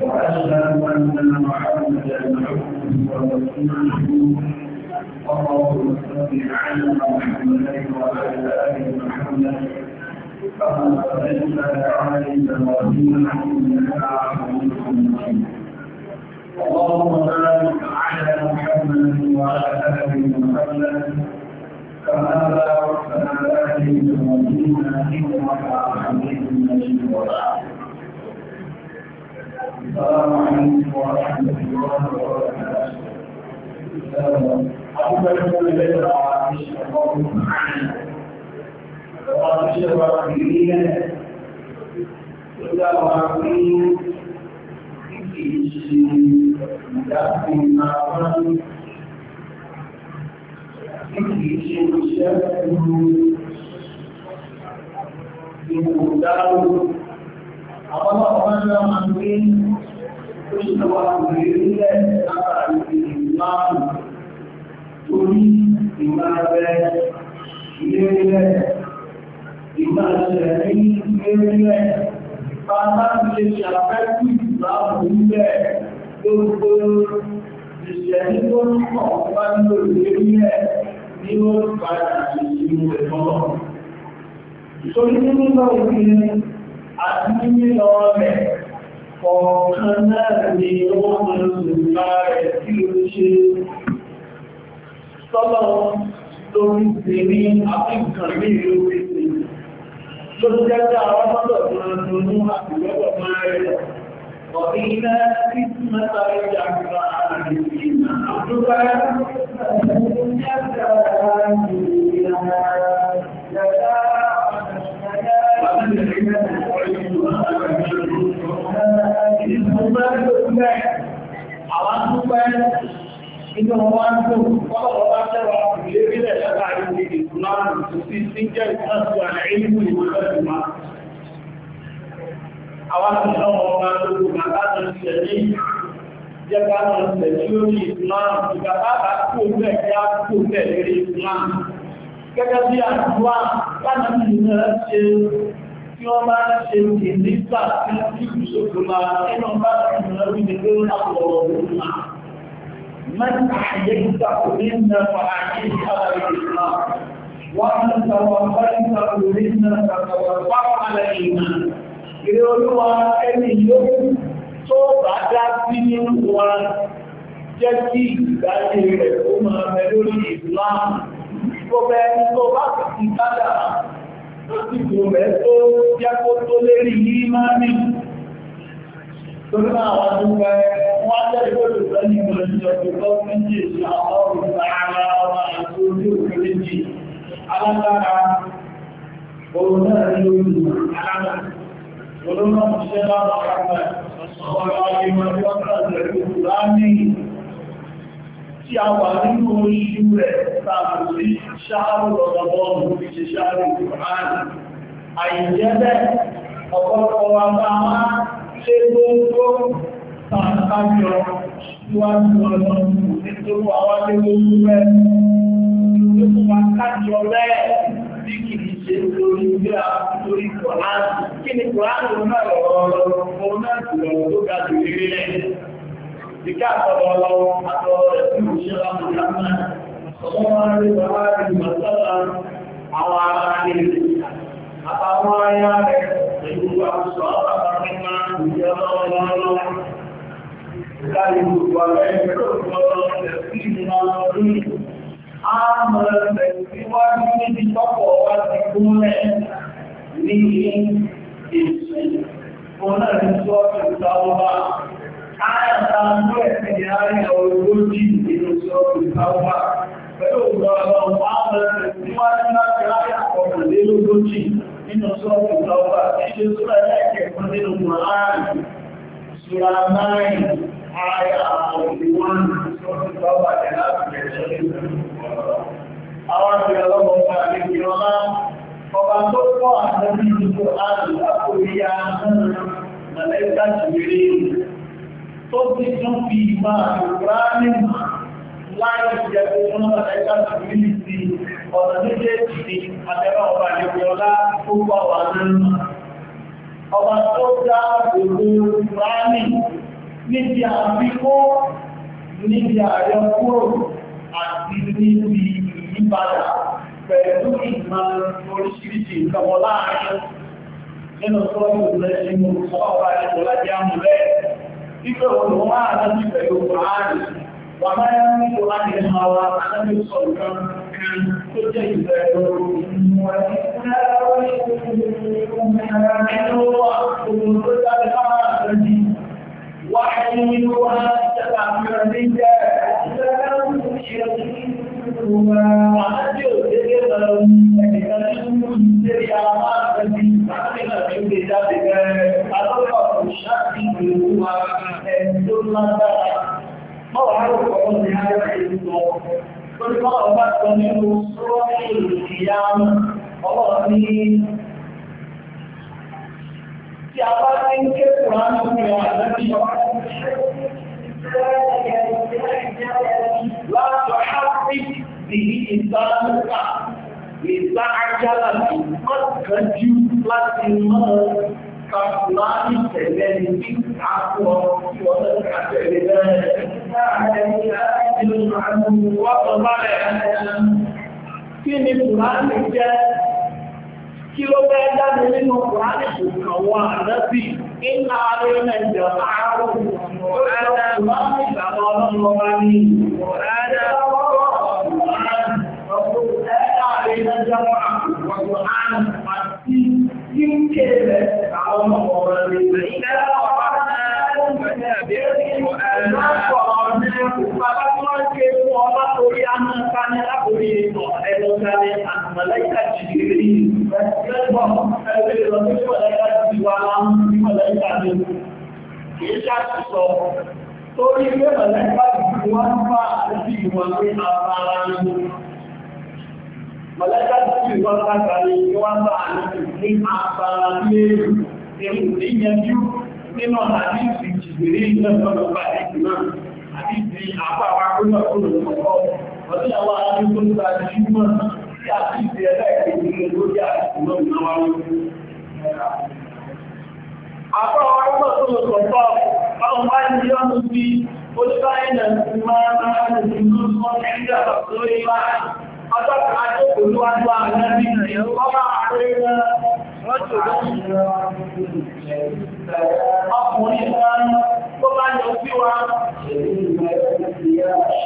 وأشهد أن محمدا عبده ورسوله اللهم صل على محمد وعلى آل محمد كما صليت على إبراهيم إنك حميد مجيد اللهم بارك على محمد وعلى آل محمد كما باركت على آل إبراهيم إنك حميد مجيد وبعد السلام عليكم ورحمة الله وبركاته أقول لكم بيت العربية الله العربية العربية العربية Ìgbòdáwò, àwọn ọmọ ọmọ ọmọ ọmọ ọmọ ó sì lọ́wọ́ àgbèrè nílẹ̀ látàrí ìlànà torí ìmọ̀lẹ́ lélẹ̀ ìmọ̀lẹ́ lélẹ̀ bàbá ti ṣe àfẹ́kù ìlànà nílẹ̀ gbogbo ìṣẹ̀lẹ̀ tó ń kọ̀ bá nílò lélẹ̀ ní ó padà ìṣinú ẹ̀fọ́ Ìṣòrí nínú ìlọ́ ìpínlẹ̀ àti nínú ìlọ́ rẹ̀ kọ̀ọ̀kan náà ni wọ́n máa lò máa rẹ̀ tí ó ṣe sọ́lọ́ tó ń ti ní àfíkàn ní ìlú pèsè ló jẹ́ ká àwọn mọ́tọ̀ tó ń ronú àti lọ́pọ̀ máa rẹ̀ ọ̀dí iná tí mẹ́ta rẹ̀ jàgbà àrùn ìrìnà àdúgbà Thank you. Inú ọwá ń tó kọ́lọ̀wọ́ bá tẹ́wà ilé rílẹ̀ látàrí ìdí ìtùláàrùn tó sí sí jẹ́ ìtàṣù àrẹ ìlú ìwọ̀lẹ́sì máa. Àwọn ìlọ́wọ́ ọmọ tó kù bàbá tó ń tẹ̀lé jẹ́ bá lọ tẹ̀lé lórí ìtùláàrùn tó bàbá bá kó bẹ́ẹ̀ kí á kó bẹ́ẹ̀ lórí ìtùláàrùn. Gẹ́gẹ́ bí àdúrà, tí wọ́n bá ṣe lè nígbà tí wọ́n ti kú sókè máa ẹnu bá ṣe lọ rí ní pé wọ́n lọ wọ̀ wọ́n mà. Mẹ́ta àyè nígbà kò ní nà fà àyè ìṣàlà ìṣàlà. Wọ́n ń sọ̀rọ̀ bá nígbà kò jẹ́ kí ìgbàlè rẹ̀ ó máa bẹ lórí ìsìláàmù. Gbogbo ẹni tó bá ti ti ó ti bò rẹ̀ tó yẹ́kó tó lérí ní mánì torí máa wà ní pẹ́ wọ́n jẹ́ ìgbòrò sẹ́ni ìgbòrò ìjọba méjì sí àwọn olùsára ọmọ àti ojú òkèréjì alágbára òun náà ní ojú alágbára olóńgbà ìṣẹ́lá ọ̀rọ̀ ọ̀rọ̀ ìmọ̀ ìwọ́n tí a wà nínú oṣù rẹ̀ tàbí sí ṣáàrù ọ̀dọ̀bọ̀nù fi ṣe ṣáàrù ìrànà àìjẹ́bẹ̀ ọ̀pọ̀lọpọ̀ wa bá máa ṣe gbogbo tàbájọ síwájú ọ̀dọ̀ nítorí àwọn alégbogbo rẹ̀ nítorí wa kájọ rẹ̀ bí kì ìkẹ́ àtọ̀rọ̀ ọlọ́wọ́ àtọ̀rọ̀ rẹ̀ fún ìṣẹ́ lámùdámà ọmọ rẹ̀ bàbá rẹ̀ mọ̀sọ́lá àwọn ará rẹ̀ àtàwọn ará rẹ̀ pẹ̀lú àṣọ àbábáwí máa ń jẹ́ ọlọ́wọ́ Ìkàlẹ̀ gbogbo àwọn ẹgbẹ́ òṣùwọ́n ọ̀sẹ̀ sí ìrìnà ọdún. A mọ̀ àyàtà mú ẹ̀sẹ̀ ní àárín àwọn ogójì nínú sọ ìfàwọ́pá pẹ̀lú ọ̀rọ̀ àwọn tí wọ́n ní láti láti àkọkànlélógójì nínú sọ ìfàwọ́pá ṣíṣe súra ẹlẹ́kẹ̀ẹ́kọ́ nínú mọ̀láàrín súra márìn àyà òdìwọ́n sọ ìfàwọ́pá tẹ̀ láti kẹ̀ẹ́sọ́ Àwọn àti ọlọ́pọ̀ ọmọ àlejò ọlá, ọba tó pọ̀ àtẹ́bí ìdúkọ̀ àrùn lápò ìyá náà, mọ̀lẹ́gbà jìbìrì tó ti tún fi ìmọ̀ àdúrà nínú láì jẹ́ pé wọ́n náà ẹ̀ka ìbílì sí ọ̀nà méjèèjì ni àtẹ́rà ọba àjẹ́gbẹ̀ ọlá tó wà wà nínú. Ọba tó dá òwò Ránì níbi àbíkó, níbi àyọkúrò àti níbi ìyípadà pẹ̀lú ìmọ̀ oríṣiríṣi ìkọmọ láàárín nínú tó ń lẹ́sìn Ibẹ̀ wọn wọ́n máa láti pẹ̀lú Buhari, wà máa yá ní kò láti máa wá láti sọ̀rọ̀ kan kan tó jẹ́ ìfẹ́ lọ́rọ̀. Ẹnu wà òun tó jáde máa وحيدها تتعمدك سلام شريكهما وأجر ذكرهم لكن منذر أعمال في عمل في كتابك أضرب شريكهما ثم ترى موعد قوم هذا الحديث قل ما أردت منه صور القيامة الله أمين. Siapa yang ke ضمانتك وعزتي لا تحرك به لسانك لتعجل بقدر جملة المرض كفلان تلالي عفوا ولك تلالي عليك أجل عنه وقبل kíni kùránì jẹ́ kí ló bẹ́ jáde nínú kùránì kò kàn wọ́n àdábì إن علينا الجماعة وأنا ما شغل الغني وأنا علينا الجماعة وقرآن حتي يمكن على المغرب فإذا قرأنا فاتبع وأنا ní àbúrí ẹlọ́gbàrí àmàlẹ́kà jìgìrì ẹgbẹ́gbọ́n ẹgbẹ́ lọ sí mọ̀lẹ́kà jìwà ní mọ̀lẹ́kà ní kìí ṣàtìsọ torí pé mọ̀lẹ́kà jìwà ń bá àti ìwà ní àpárá ní mọ̀lẹ́kà jìwà látàrí wọ́n bá àti ní àpárá ní èrò ìyẹnjú nínú àdíjì jìgìrì ìjọba àdíjì náà àdíjì àpá àwọn akóyọ̀ Ọdún àwọn arábíkó ń gbájú ṣúgbọ́n tí a ti ṣe ẹlẹ́ẹ̀kejì ní lórí àtìkúnlọ́ ìnáwó. Àpá àwọn ọmọ tó lọ sọ̀tọ̀, báwọn bá ń yọ́ mú sí olúbáyìnà ti máa máa ń rìn lọ́sọ́ nígbà lórí máa. Ọjọ́ kan á tó pẹ̀lú àjọ àwọn ẹbí rẹ̀, wọ́n máa rí náà. Wọ́n tó lọ́sọ̀rọ̀ ọkùnrin náà tó bá yọ sí wa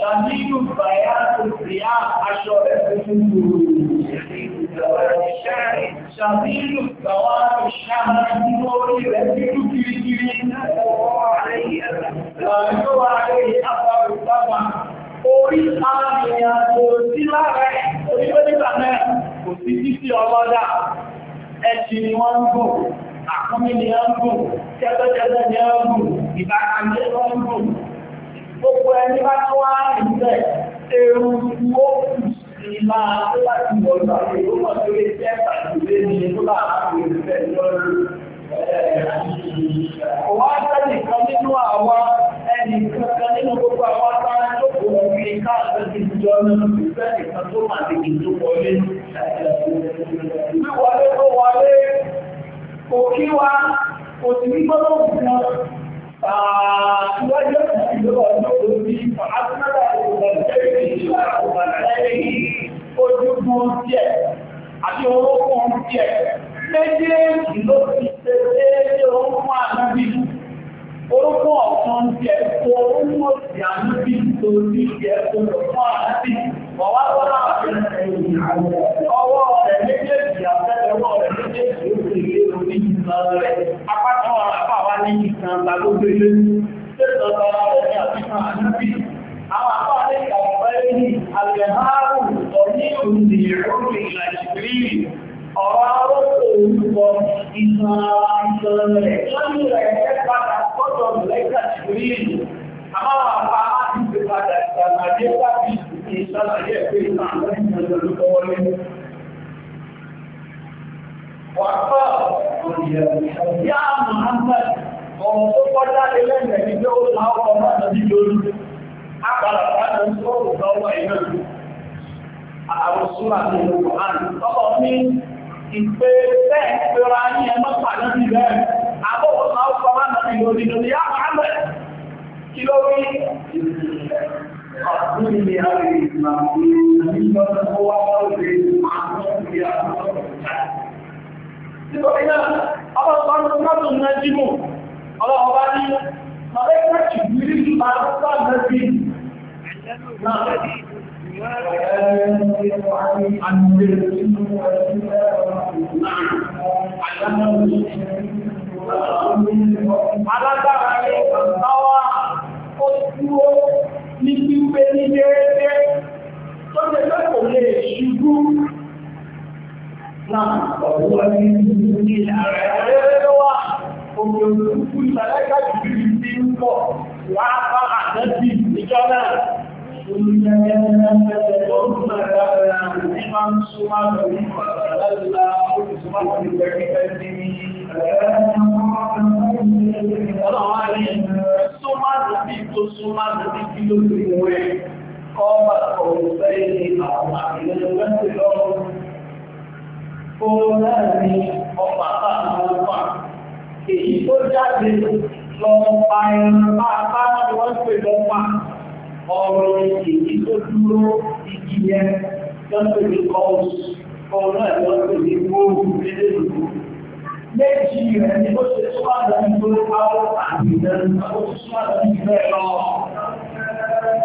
ṣàníyù bàyá tó sì á aṣọ rẹ̀ tuntun lòrò que bàwá tó ṣáà ní orí rẹ̀ títú kirikiri láàrín ààrẹ o pápá orí àmìyàn kò sí lára ẹ̀ orí pé nígbà náà kò sí títí ọlọ́dà ẹ̀ṣì ni wọ́n ń gùn àkọ́mí ni ó ń gùn jẹ́gbẹ́jẹ́gbẹ́ ni ó ń gùn ìbára ni ó ń gùn gbogbo ẹni bá tó wá ìbẹ̀ ẹ̀rù ó kù sí máa tó bá ti wọ̀ lọ sí ìlú mọ̀ tó lè jẹ́ pàtàkì ní tó bá àwọn olùfẹ́ lọ́rù Òwá sẹ́nì kan nínú àwọn ẹni tó wọlé. Wíwọlé tó wọlé kò kí wa kò sì ní gbọ́dọ̀ fún ọ ìwájú ọ̀sán ìlú ọ̀dọ́ òbí àtúntà ìwọ̀n tẹ́lẹ̀ ìṣúra ọ̀gbà lẹ́yìn ojúgun díẹ̀ àti orókùn díẹ̀ méjèèjì ló ti ṣe déédéé orókùn ànábì orókùn ọ̀sán díẹ̀ kó orókùn òsì ànábì tó ní ìyẹ̀kùn lọ́wọ́ ànábì ọ̀wá bọ́lá àti ẹ̀yìn àwọn يدرك قام قوسين أو أعلى Fúnnáàrí ọ̀pá pàtàkì èyí tó jáde lọ pa ẹran pàápàá tí wọ́n pè lọ́pá ọ̀rọ̀ èyí tó dúró igi yẹn wọ́n pè ní kọ́ọ̀sì ọ̀rọ̀ ẹ̀ wọ́n pè ní gbóòrùn lélẹ́lùkù. Méjì rẹ̀ ni ó ṣe tó wà lọ́dún tó pàwọ́ àmì ìdẹ́nu, ó ṣe tó wà lọ́dún bẹ́ẹ̀ lọ́wọ́.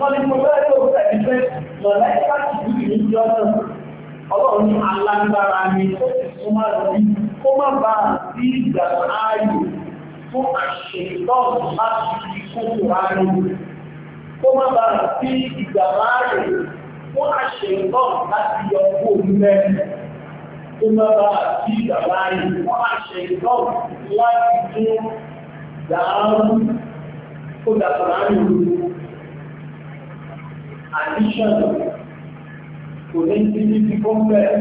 wọ́n ní mo bẹ́ẹ̀ ló tẹ̀lé pé lọ́lá ẹ̀ka tìlú ìlú ti ọ̀sán ọlọ́run ní alágbára ni ó sì tún máa lọ bí kó má bá a sí ìgbà ààyè fún àṣetọ́ọ̀tù láti fi kókò ráyè kó má bá a sí ìgbà ààyè fún àṣetọ́ọ̀tù láti yọ owó mẹ́rin kó má bá sí ìgbà ààyè fún àṣetọ́ọ̀tù láti tún dàrú kó addition kò ní sí ní kíkọ́ bẹ́ẹ̀.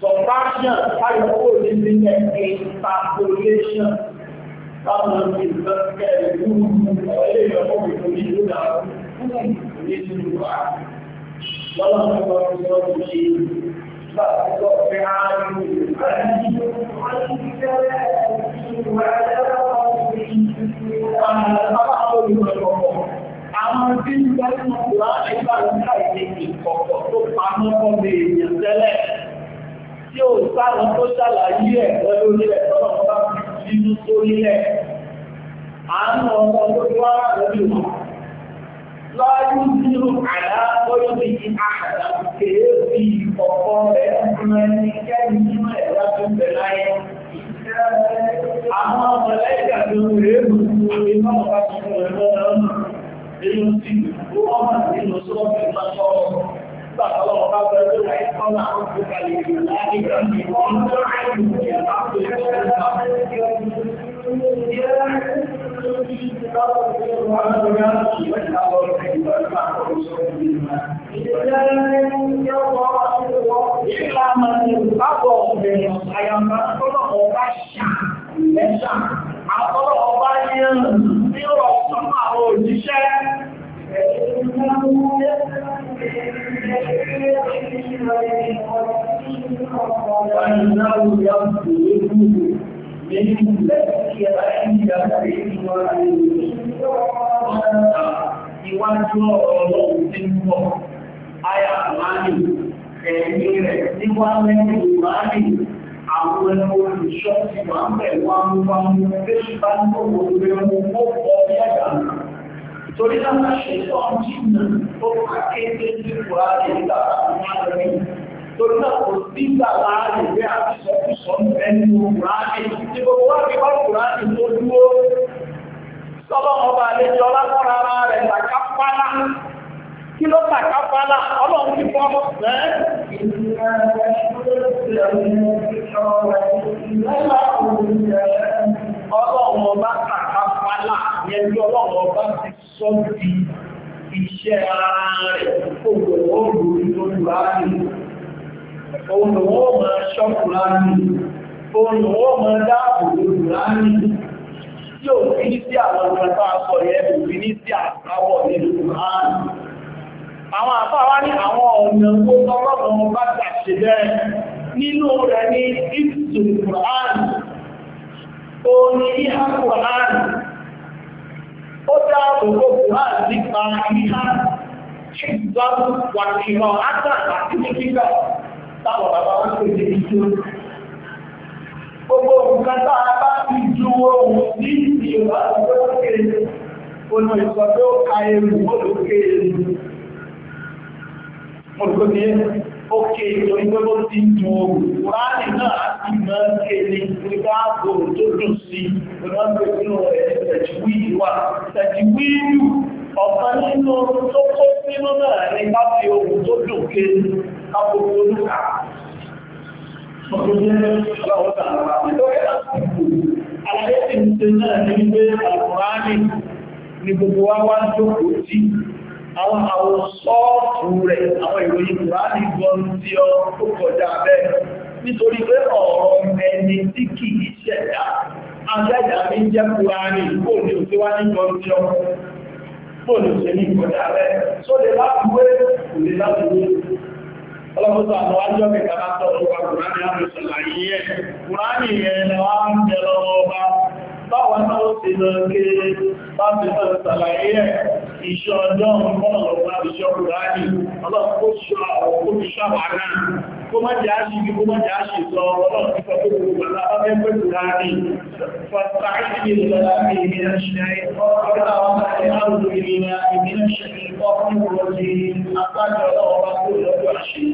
Subtraction táyọ̀ kò ní sí ní interpolation táwọn ti lọ́kẹ́ ìlú ọ̀lẹ́ ìyọ̀kọ́ ìtòlí ìlú náà ní ìlú wa. Lọ́nà tó lọ sí ọdún ṣe nígbà tí lọ fẹ́ á ní ìlú Àwọn ọmọ olùkọ́ àwọn tí ń bẹ nínú ìwà nígbà nígbà ìdí ìkọ̀kọ̀ tó pamọ́ fún mi èèyàn tẹ́lẹ̀ tí ó sáà tó ṣàlàyé ẹ̀ pẹ̀lú ilẹ̀ tọ́lọ̀ bá fi nínú sórí lẹ̀ àánú ọmọ tó ti wá lórí wọn lọ́yún nínú àdá lórí mi ní àdá kèé fi ọ̀pọ̀ rẹ̀ fún ẹni kẹ́ni nínú ẹ̀dá tó ń láyé àwọn ọmọ lẹ́yìn àti ohun rèé bùkún iná ọ̀pá tuntun 你用心，我帮你做事情。不错，到时候我安排你来，他们不给你拿。你赶紧帮着安排一下，他们现在嘛，今天，到时候我们这边，到时候可以把那个东西嘛，今天有个，有个越南民族把国旗又抬上了，那个河内上，上。àtọ́lọ̀ ọba yẹn ní ọ̀rọ̀ sọ́nà àwọn òjíṣẹ́ Iwájú ọ̀rọ̀ ti ń bọ̀, ayà àmáàlì, ẹ̀yìn rẹ̀, níwá mẹ́rin ìmáàlì, àwọn ẹranko olùṣọ́ ti wà ń bẹ̀ wọ́n mú wá mú bẹ́ṣù bá ń bọ̀ wọ́n gbé mú ó pọ̀ ní ẹ̀dà náà torí náà ṣe tó ń jìnnà tó ká kéde sí buhari nígbà àwọn àrẹ torí náà kò sí gbà láàrin àti sọ́kùsọ́ ẹnu buhari tí gbogbo wá fi wá buhari tó dúró sọ́bọ̀ ọba àlejò ọlá fọ́ra rẹ̀ tàkà pálá kí ló bà ká fálá ọlọ́run ti fọ́ ọmọ ẹ́. ọlọ́run ọba kà ká fálá yẹn bí ọlọ́run ọba ti sọ di iṣẹ́ ara rẹ̀ ògbò ògbò lórí ráàlì òun ló wọ́n máa ṣọ́kù ráàlì òun ló wọ́n máa dáàbò lórí ráàlì yóò fi ní sí àwọn ọmọ ẹgbẹ́ àkọyẹ òfin ní sí àkáwọ̀ nínú ráàlì. àwọn wá ní àwọn ọ̀nà tó tọ́lọ́rọ̀ bá tàṣẹ bẹ́ẹ̀ nínú rẹ̀ ní ìtù Quran ó ní ìhá Quran ó dá Quran nípa ìhá ṣùgbọ́n wà táwọn bàbá pè ní ìjọ gbogbo nǹkan tá bá ti ju ní olùgbóbi ókè torí pé ó ti mú oòrùn láti náà ti mọ́ kéde nípa ààbò tó dùn sí onígbẹ̀gbẹ̀ tẹ̀jìwìdíwà tẹ̀jìwìdù ọ̀kan nínú tó kó nínú náà ní bá fi oòrùn tó dùn kéde kápòkò lúkà Àlàyé ti ń ṣe náà ní pé àkùnrin ní gbogbo wá wá jókòó sí àwọn àwòsọ́ọ̀fù rẹ̀ àwọn ìròyìn kùránì gan tí ọ tó kọjá bẹ́ẹ̀ nítorí pé ọ̀rọ̀ ẹni tí kì í ṣẹ̀dá agbẹ́dà mi ń jẹ́ kùránì kò ní òkè wá ní gan tí ọ kò ní òkè ní kọjá bẹ́ẹ̀ tó lè láti wé kò lè láti wé ọlọ́pọ̀tọ̀ àwọn ajọ́ kẹta látọ̀ ọ̀rọ̀ báwọn náà ó ti lọ kéré láti lọ ṣàlàyé ẹ̀ iṣẹ́ ọjọ́ ọmọlọ́pàá iṣẹ́ ọkùnrin ọlọ́pàá kó ṣọ́ àwọn olùṣọ́ àwọn náà kó má jẹ́ àṣìbí kó má jẹ́ àṣìsọ ọlọ́pàá tó gbogbo alábẹ́ pẹ̀lú láàrin fàtàkì ìlàlámi ọ̀rọ̀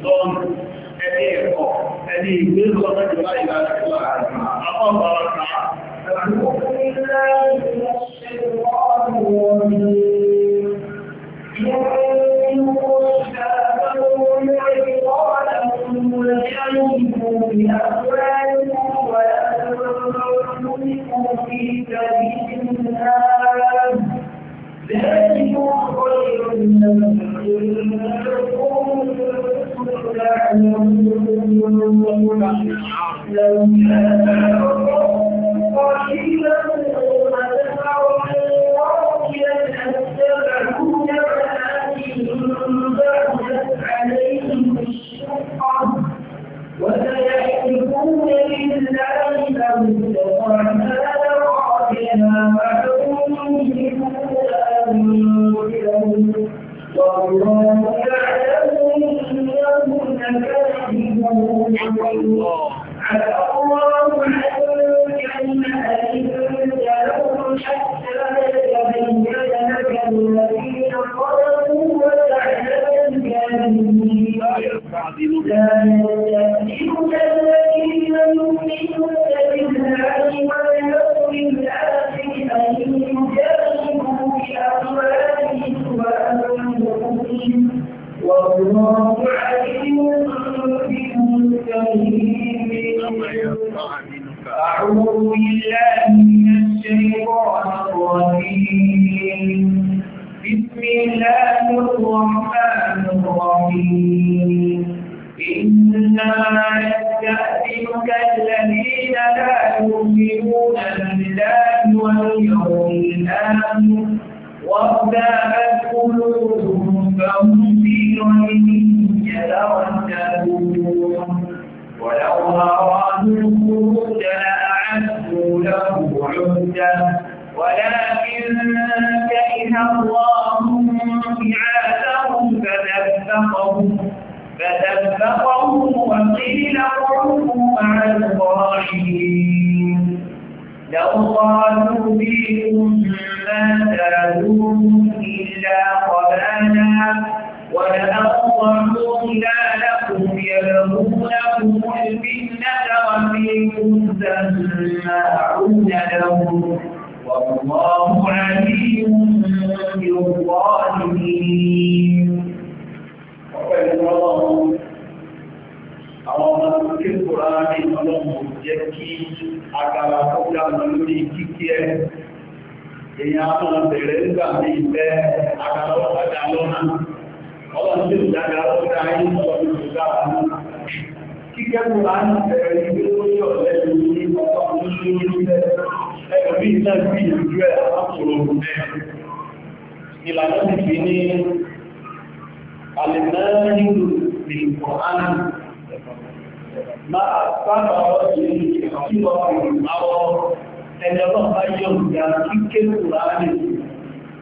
àwọn ẹni ẹ̀kọ́ ẹni ìgbé lọ mẹ́jọ láì láti lọ àjọ àwọn ọmọ ọ̀rọ̀ ká ذلك خير من الحكم تعلمون لو كان قليلا وسيحلفون بالله لو استطعنا لرأينا معهم أنفسهم والله يعلم إنهم لكاذبون الله أن أعوذ بالله rẹ̀ ń gbà ní ìfẹ́ àkàrà ọ̀dà lọ́nà ọlọ́run tí ó dára ọ̀dà ayé ọ̀dà ìjọba kíkẹ́kù bá ń bẹ̀rẹ̀ ìgbé lórí ọ̀lẹ́ lórí ọ̀pọ̀ lórí ilẹ̀ ẹgbẹ̀rí náà bí ìlú ẹ̀ àpòrò rẹ̀ ìlànà ti fi ní alìmọ́rìnlù ní kọ̀hánì máa sábà ọ̀sẹ̀ ìrìnàwó ẹni ọlọ́pàá yọ̀ ìgbà kíkẹ́kù láàrin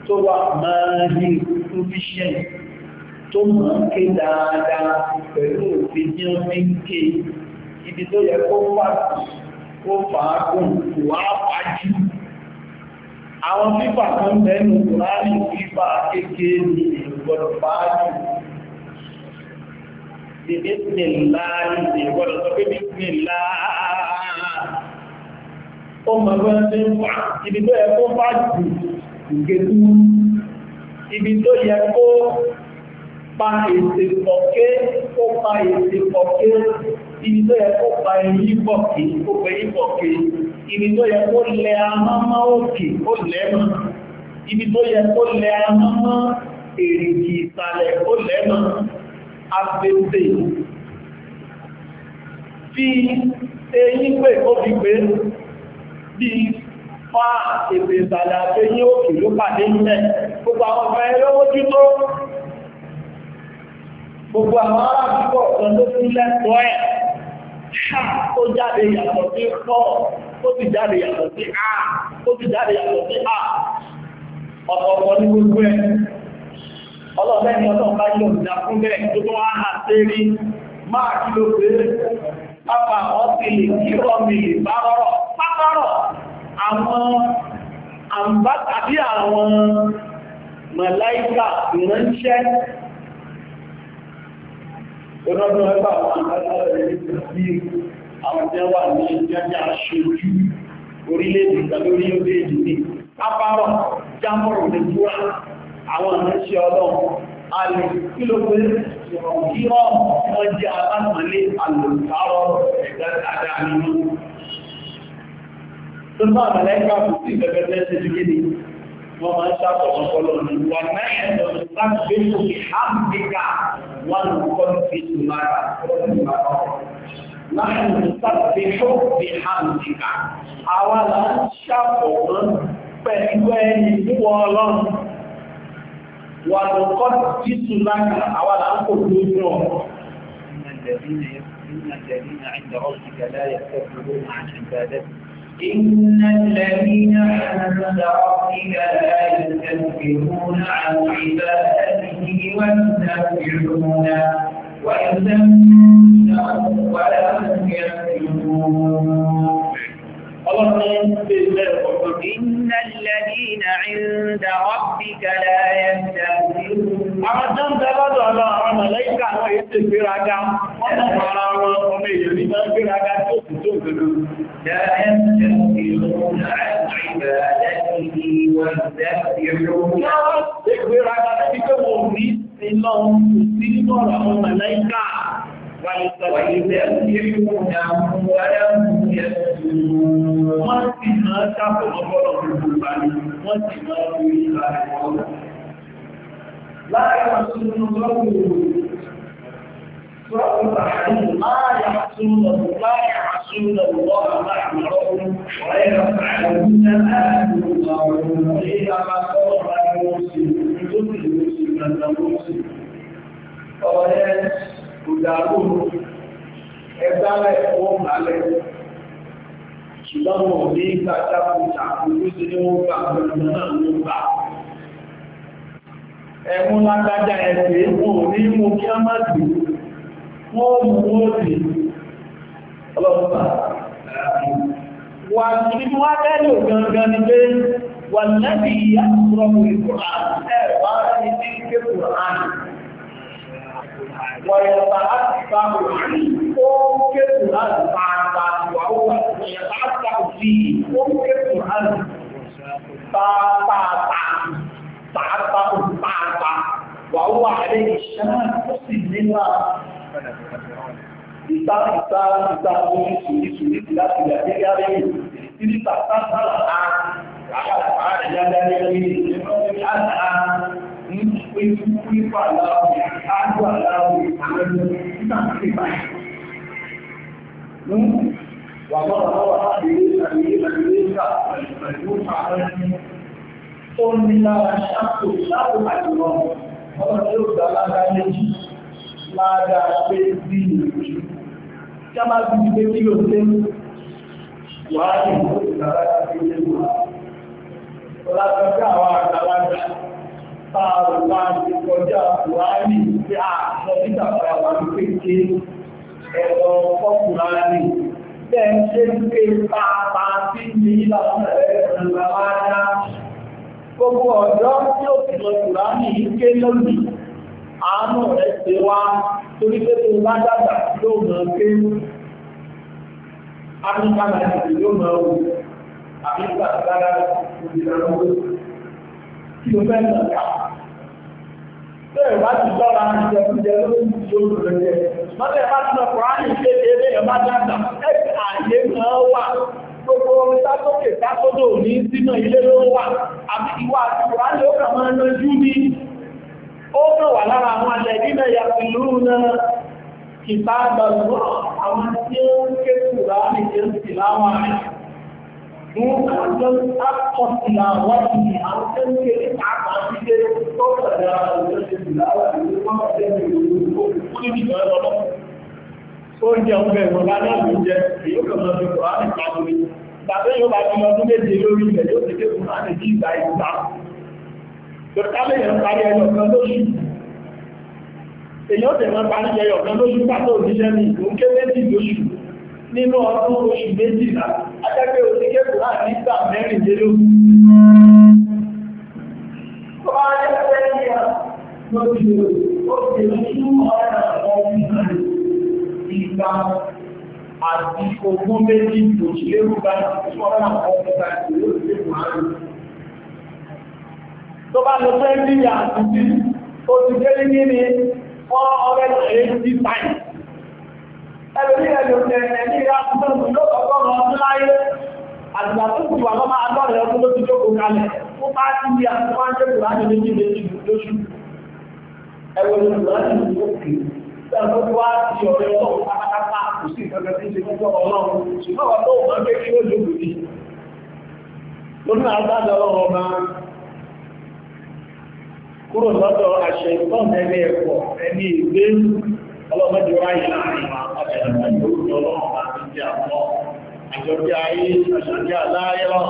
tó wà máa ní provision tó máa ń ké dáadáa pẹ̀lú òfin ní ọdún ké ibi tó yẹ kó fà kó fà á gùn kò wá pàjù àwọn fífà kan mẹ́nu kùránì fífà kékeré ní ìgbọ̀dọ̀ pàjù ìdíje láàrín ìgbọ̀dọ̀ sọ pé bíbí láàá ó mọ̀ bẹ́ẹ̀ ní ibi tó yẹ kó fà ìgbésú ibi tó yẹ kó pa èsè pọ̀ké ó pa èsè pọ̀ké ibi tó yẹ kó pa èyí pọ̀ké ó pa èyí pọ̀ké ibi tó yẹ kó lẹ amámá òkè ó lẹ́mọ̀ ibi tó yẹ kó lẹ amámá èrìgì ìsàlẹ̀ ó lẹ́mọ̀ afẹ́fẹ́ fi eyín pé ó fi pé bíi fa ètò ìsàlẹ̀ àti yí òkè ló pàdé ilẹ̀ gbogbo àwọn ọmọ ẹ̀rọ ojú tó gbogbo àwọn ará púpọ̀ kan ló fi lẹ́tọ́ ẹ̀ ṣá tó jáde yàtọ̀ sí pọ̀ tó ti jáde yàtọ̀ sí a tó ti jáde yàtọ̀ sí a ọ̀pọ̀pọ̀ ní gbogbo ẹ̀ ọlọ́ọ̀lẹ́ni ọlọ́ọ̀ bá yọ̀ ìjà fún bẹ́ẹ̀ tó tó wá hàn sí rí máa kí ló pé pápá ọ̀sìn lè kí rọ̀ mi lè bá rọ̀rọ̀ pápá rọ̀ àwọn àmbá tàbí àwọn màláíkà ìránṣẹ́ ọdọ́dún ẹgbà àwọn àbájáwà ní jẹ́jẹ́ aṣojú orílẹ̀-èdè ìgbàlórí orílẹ̀-èdè ní pápárọ̀ jámọ̀rọ̀ ní búra àwọn ìránṣẹ́ ọlọ́run alẹ́ kí ló pé ìrọ̀ tó bá àmàlẹ́kà kò sí ìfẹ́fẹ́fẹ́ ṣe jù kí ni wọ́n máa ń ṣàtọ̀wọ́n kọ́lọ̀ ní wà náà ẹ̀dọ̀ láti gbé òkè áfíríkà wọn kọ́ sí ìmọ̀ra láàrin ìsáàbí ṣọ́ọ̀bí áfíríkà àwa là ń ṣàtọ̀wọ́n pẹ̀lú ẹni إن الذين عند ربك لا يستكبرون عن عبادته إن الذين عند ربك لا يستكبرون عن عبادته ويستكبرون ويذمون ولا يستكبرون إن الذين عند ربك لا يستهزئون أرجو تبدو على عمليك ويستفرك ومرا ومي يستفرك تسجد لا يستهزئون عن عبادته ويستهزئون استفرك تكون مثلهم تسجد على عمليك ويذكرونهم ولم يسجدون wọ́n sì máa ṣàpọ̀ lọ́gbọ́dọ̀ gbogbo ìgbà ni wọ́n sì máa ń rí ìgbà rẹ̀ wọ́n. láàárín àtúntò lọ́wọ́ سورة الحديد ما يحصون لا يحصون الله ما يحمرون ويفعلون ما يؤمرون إذا ما صرف المسلم يدل المسلم المسلم ìdàrú ẹ̀dálẹ̀ wọ́n lálẹ́ ṣùgbọ́n wọn ní gbàjáfúta ojú sí ní wọ́n gbà pẹ̀lú náà ló gbà ẹ̀mú lágbájá wọn ní mú kí a má dì wọ́n ní wá tẹ́lẹ̀ ويتأثر ممكن أن تعتاد وهو يتأثر فيه ممكن أن تعتاد تعتاد تعتاد وهو عليه الشمال حسن لله Kita kita kita suri suri suri tidak tidak tiga hari ini tak tak salah. Kalau ada yang dari ini, ada ini, ini pun pun pada. wà láàrú àwọn ẹgbẹ́ nígbà tí ó báyìí. Wà bọ́ra wà láti ilé àti ilé àti ilé ìgbà pẹ̀lú àwọn ẹgbẹ́. Ó ní lára di pé kí ló dé? Wàá ní ìlú ìgbà láti báàrù bá ń ti kọjá buhari tí a sọ nígbà padà wà ní pété ẹ̀rọ fọ́kùnrin bẹ́ẹ̀ ń ṣe ń pè pàápàá sí ní ìlànà ẹ̀rọ ìlànà gbogbo ọ̀dọ́ tí ó ti lọ kùránì ké lónìí àánú rẹ̀ ṣe kí ló fẹ́ lọ ká. Bẹ́ẹ̀ bá ti lọ́ra ìjẹkújẹ lórí ìṣòro rẹ̀ jẹ. Mọ́lẹ̀ bá ti lọ Kùránì kéde ilé ẹ̀ bá dàgbà. Ẹ̀sìn àyè náà wà. Gbogbo sásókè sásódò ní sínú ilé ló wà. Àbí ìwà àti Kùránì ó kà máa yanjú ní. Ó kàn wà lára àwọn alẹ́ nínú ẹ̀yà pẹ̀lú náà. Kìtà àgbàlùmọ́ àwọn tí ó ń ké Kùránì jẹ́ ń sì láwọn àrẹ̀ ní àjọ àkọsílà wáyé ní àwọn tó ń ké àgbà sílé tó tẹ̀lé àwọn olóṣèlú ìlà àwọn ìlú wọn tẹ̀lé ìlú tó kú nìkan ẹ̀ lọ́wọ́. oúnjẹ ń bẹ̀rù lálẹ́ oúnjẹ èyí kò lọ sí kòrán nípa lórí. bàbá yóò bá ti lọ́dún méje lórí ilẹ̀ yóò ti dé kòrán ní kí ìgbà ìgbà. tòkálẹ̀ yẹn parí ẹyọ kan lóṣù. èyí ó tẹ̀ mọ́ parí ẹyọ kan lóṣù pátó òṣìṣẹ́ mi ìgbóhùn kéde nínú ọdún oṣù méjìlá ajẹ́gbẹ́ òsìkẹ́ kùrá nígbà mẹ́rìndínlógún tó bá jẹ́ pé ní ọdún oṣù oṣù ọ̀rẹ́ àwọn ọmọ ìgbà àti ogún méjì òṣìlérú bá ìṣọ́rọ̀ àwọn ọmọ ìgbà ìṣòro tó bá lọ fẹ́ bí i àti bí ó ti gẹ́lé ní ní 480 times ẹlòmí ẹlòmí ẹ̀mí ìrákùnrin lọ́kọ̀ọ́kọ́ ọdún láyé àgbà tó kù wà lọ́mọ agbọ́rẹ̀ ọdún ló ti jókòó kalẹ̀ ó bá ti di àtúwá ń jẹ́kù láti méjì méjì lóṣù ẹwọ ní ìlú láti ní òkè ẹ̀rọ tó wá ti ọ̀rẹ́ ọlọ́run pátápátá kò sí ìfẹ́fẹ́ tí ń ṣe fún ọlọ́run ṣùgbọ́n wà tó wọ́n gbé kí ó jókòó ní lónìí àgbàdo ọlọ́run ọba kúrò lọ́dọ̀ àṣẹ ìtọ́ ọlọ́mọdé wáyé láàrin wa ọ̀bẹ̀ ìrìnàjò ọlọ́run bá ti jẹ́ àwọn àjọjẹ́ ayé àjọjẹ́ aláyọ́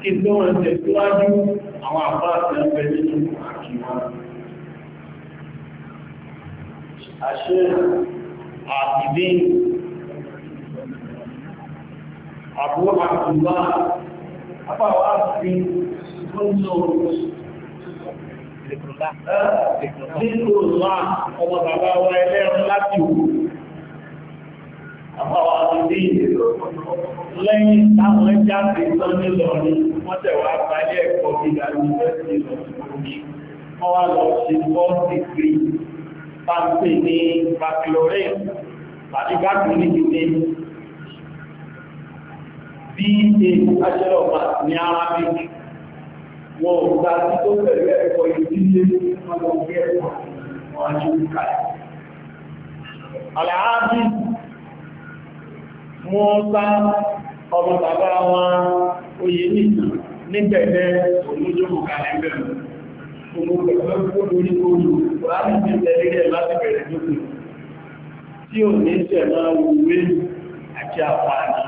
kí tó ń tẹ̀síwájú àwọn àbáàtì ẹgbẹ́ nínú àkíwá. Àṣẹ àtìdí àbúrò Zikrullah. Zikrullah ọmọ bàbá wa ẹlẹ́run láti òkú. Àwọn àbìdí lẹ́yìn táwọn jáde tán nílọrin, wọ́n tẹ̀wà parí ẹ̀kọ́ gíga ní ẹ̀sìn ìlọrin. Wọ́n wá lọ sí fọ́ọ̀sì gírí, bá ń pè ní Baclorin, tàbí Baclorin ní BA Bachelor of Arts ní Arabic wọn ò gba tí tó pẹ̀lú ẹ̀kọ́ ìdílé ọmọ ọgbẹ́ ẹ̀kọ́ wọn á ṣe ká àlàábí wọn sá ọmọ bàbá wọn oyè nìkan níbẹ̀ẹ́ olójókòó kalẹ̀ bẹ̀rẹ̀ gbogbo pẹ̀lú kó lórí ojú láti ti tẹ́lẹ̀ láti bẹ̀rẹ̀ lókè tí ò ní ṣẹ̀ máa wùwé àti àpáàdì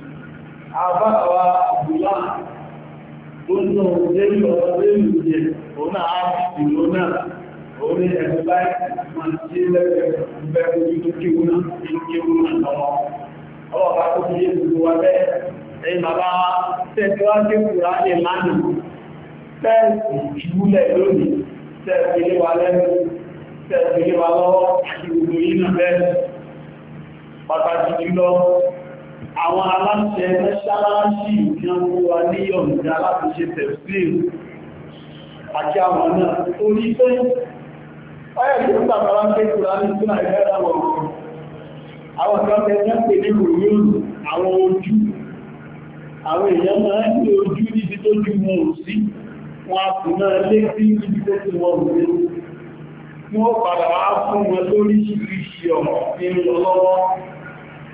àbáwà àbúlá tó ń lọ òjé ìlọ́wọ́ lẹ́yìn òjé òun náà áàpù ìlú náà orí ẹ̀sùn lọ́wọ́ lọ́wọ́ àwọn aláṣẹ mẹ́ṣáláṣì ìyànwó wa ní ọ̀nà láti ṣe tẹ̀síl àti àwọn náà tó ní pé ọyẹ̀ tó ń tàbára pé kùrá ní sínà ìrẹ́ra wọn àwọn ìgbàmẹ́ jẹ́ pè ní ròyìnrò àwọn ojú àwọn èèyàn máa ń ní ojú níbi tó ju wọn ò sí wọn a kùn náà lé sí níbi tó ti wọn ò sí wọn padà wá fún wọn lóríṣiríṣi ọ̀nà nínú lọ́wọ́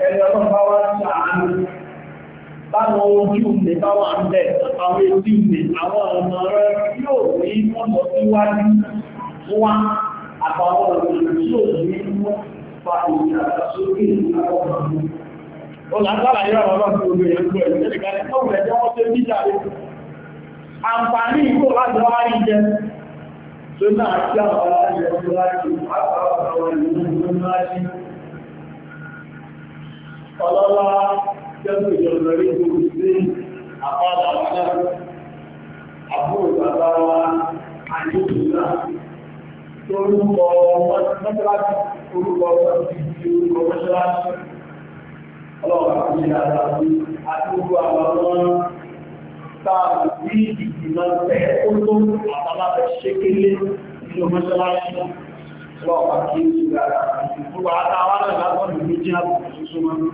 ẹni ọlọ́pàá wá ṣàánú báwọn ojú ìlẹ̀ báwọn àbẹ̀ àwọn etí ìlẹ̀ àwọn ọmọ rẹ yóò rí mọ́tò síwájú wá àtàwọn ọ̀rọ̀ yóò rí mọ́ fa ìdàgbàsókè ìlàkọ̀ọ́ Olàgbàlà yọ́ ọlọ́pàá obìnrin gbọ́ ìrìnlẹ́gbẹ̀ẹ́ ní ọ̀rọ̀ láti wá ní jẹ tó láti ọlọ́lá jẹ́nu ìjọba rí gbogbo sí àpáàdà wáyà àbúrò bàbá wa àyíkùnlá lórúkọ mọ́ṣáláṣí orúkọ mọ́ṣáláṣí orúkọ mọ́ṣáláṣí ọlọ́wọ́ àti ìlànà àti gbogbo àwọn táà ní ìgbìmọ̀ tẹ́ ó tó àtàlábẹ̀ ṣékélé nínú mọ́ṣáláṣí lọ́wọ́ àti ìlànà àti gbogbo àtàwọn àtàwọn àtàwọn ìlú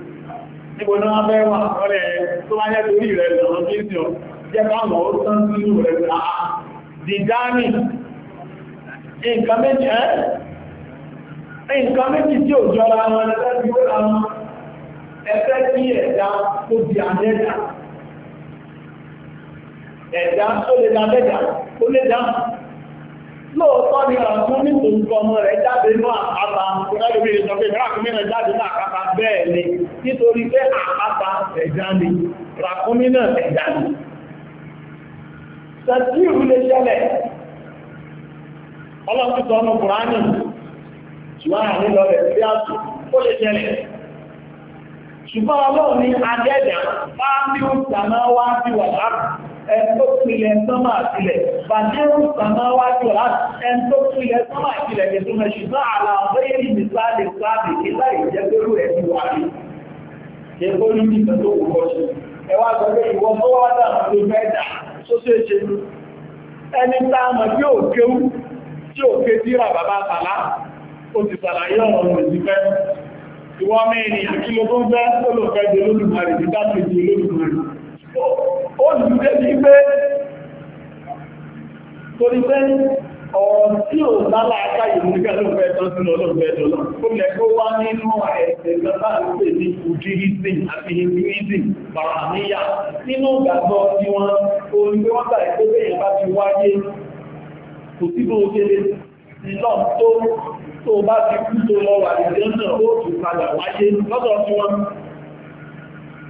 níbo náà fẹ́ wà lọ́rẹ̀ tó bá jẹ́ torí rẹ̀ lọ́rọ̀ tí ń sọ jẹ́ báwọn ó tán sínú rẹ̀ dìdámì ah, ah, nǹkan méjì ẹ́ nǹkan méjì tí ò jọra wọn ẹgbẹ́ tí ó ra wọn ẹgbẹ́ tí ẹ̀dá tó di àdẹ́dà ẹ̀dá tó lè dá bẹ́dà ó lè dá lóòótọ́ ni àkún ní tòǹkọ ọmọ rẹ̀ jáde ní àpáta ìrẹ́lùmí sọ pé ràkúnmí rẹ̀ jáde ní àpáta bẹ́ẹ̀ ni nítorí pé àpáta ẹ̀já ni ràkúnmí náà ẹ̀já ni sàtíìrù lè ṣẹlẹ̀ ọlọ́pítọ̀ ọmọ kùránì ṣùgbọ́n ànílọ rẹ̀ sí àtù ó lè ṣẹlẹ̀ ṣùgbọ́n ọlọ́run ni adẹ́dà bá ní ó sàmáwá sí wàhálà ẹ̀tọ́ pilẹ̀ sánmà àtìlẹ̀ bàtẹ́rù sánmà wájú ẹ̀tọ́ pilẹ̀ sánmà àtìlẹ̀ ìtumẹ̀ ṣùgbọ́n àlàbẹ́ ìrìn sáàdì sáàdì ìlà ìjẹ́gbérú ẹ̀bí wà ní ẹgbẹ́ olùdí pẹ̀lú òkúkọ́ṣe ẹwà sọ́gbẹ́ ìwọ́n tó wá dà ló mẹ́ta sóṣe ṣe ẹni táàmà tí ó kéwú tí ó ké tíra bàbá sàlá ó ti sàlàyé ọ̀rọ̀ òṣìfẹ́ ìwọ́n mẹ́rin àkílógún fẹ́ olùfẹ́ di olùmọ̀rẹ̀ ó lùdé bí pé torí pé ọ̀rọ̀ tí ò lálá aká ìrìnlẹ́gbẹ̀ ló fẹ́ tọ́ sínú olóògbé ẹ̀dọ́ náà ó lẹ́ kó wá nínú ẹ̀sẹ̀ lọ́pá àrúgbè ní buddhism àti hinduism barahamiya nínú ìgbàgbọ́ tí wọ́n orí pé wọ́n tàbí pé bẹ́ẹ̀ bá ti wáyé kò sí bó ṣe lè lọ tó bá ti kú tó lọ wà ní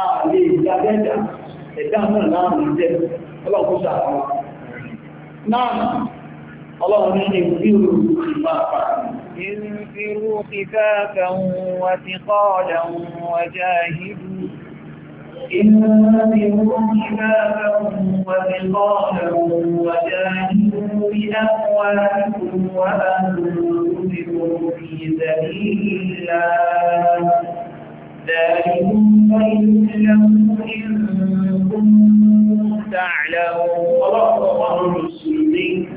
ààrẹ ìjàdẹ́jà ẹ̀dá náà láàrin jẹ́ ọlọ́kúnṣà àwọn náà ọlọ́run ní ìbírù ìpapà انفروا خفافا وثقالا وجاهدوا انفروا خفافا وثقالا وجاهدوا بأموالكم وأنفسكم في سبيل الله ذلكم خير إن كنتم تعلمون ورغم المسلمين